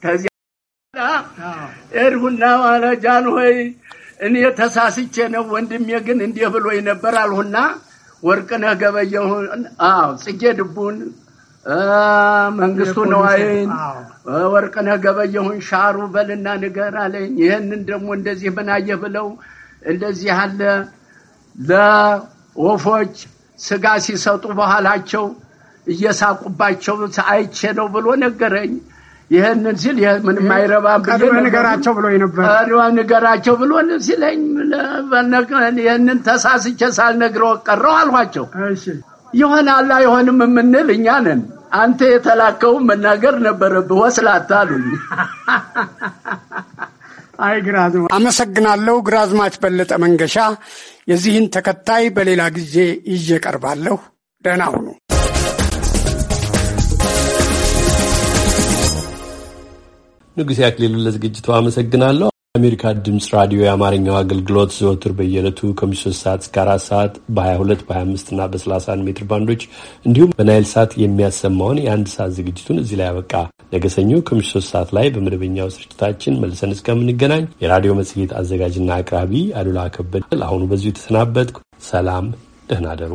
ተዚያ እርሁና በኋላ ጃን ሆይ እኔ ተሳስቼ ነው ወንድሜ ግን እንዲህ ብሎኝ ነበር አልሁና ወርቅነህ ገበየሁን፣ አዎ ጽጌ ድቡን፣ መንግስቱ ነዋይን፣ ወርቅነህ ገበየሁን ሻሩ በልና ንገር አለኝ። ይህንን ደግሞ እንደዚህ ብናየህ ብለው እንደዚህ አለ ለወፎች ስጋ ሲሰጡ በኋላቸው እየሳቁባቸው አይቼ ነው ብሎ ነገረኝ። ይህንን ሲል ምንም አይረባ ነገራቸው ብሎ ነበር ንገራቸው ብሎ ሲለኝ ይህንን ተሳስቼ ሳልነግረው ቀረው አልኋቸው። ይሆናል አይሆንም የምንል እኛ ነን። አንተ የተላከውን መናገር ነበረብህ ወስላታ አሉኝ። አይ ግራዝማ አመሰግናለሁ። ግራዝማች በለጠ መንገሻ። የዚህን ተከታይ በሌላ ጊዜ ይዤ ቀርባለሁ። ደህና ሁኑ። ንጉሴ አክሊሉን ለዝግጅቱ አመሰግናለሁ። የአሜሪካ ድምፅ ራዲዮ የአማርኛው አገልግሎት ዘወትር በየዕለቱ ከምሽቱ 3 ሰዓት እስከ 4 ሰዓት በ22 በ25 እና በ31 ሜትር ባንዶች እንዲሁም በናይል ሳት የሚያሰማውን የአንድ ሰዓት ዝግጅቱን እዚህ ላይ ያበቃ። ነገ ሰኞ ከምሽቱ 3 ሰዓት ላይ በመደበኛው ስርጭታችን መልሰን እስከምንገናኝ የራዲዮ መጽሔት አዘጋጅና አቅራቢ አሉላ ከበደ ለአሁኑ በዚሁ ተሰናበትኩ። ሰላም፣ ደህና ደሩ።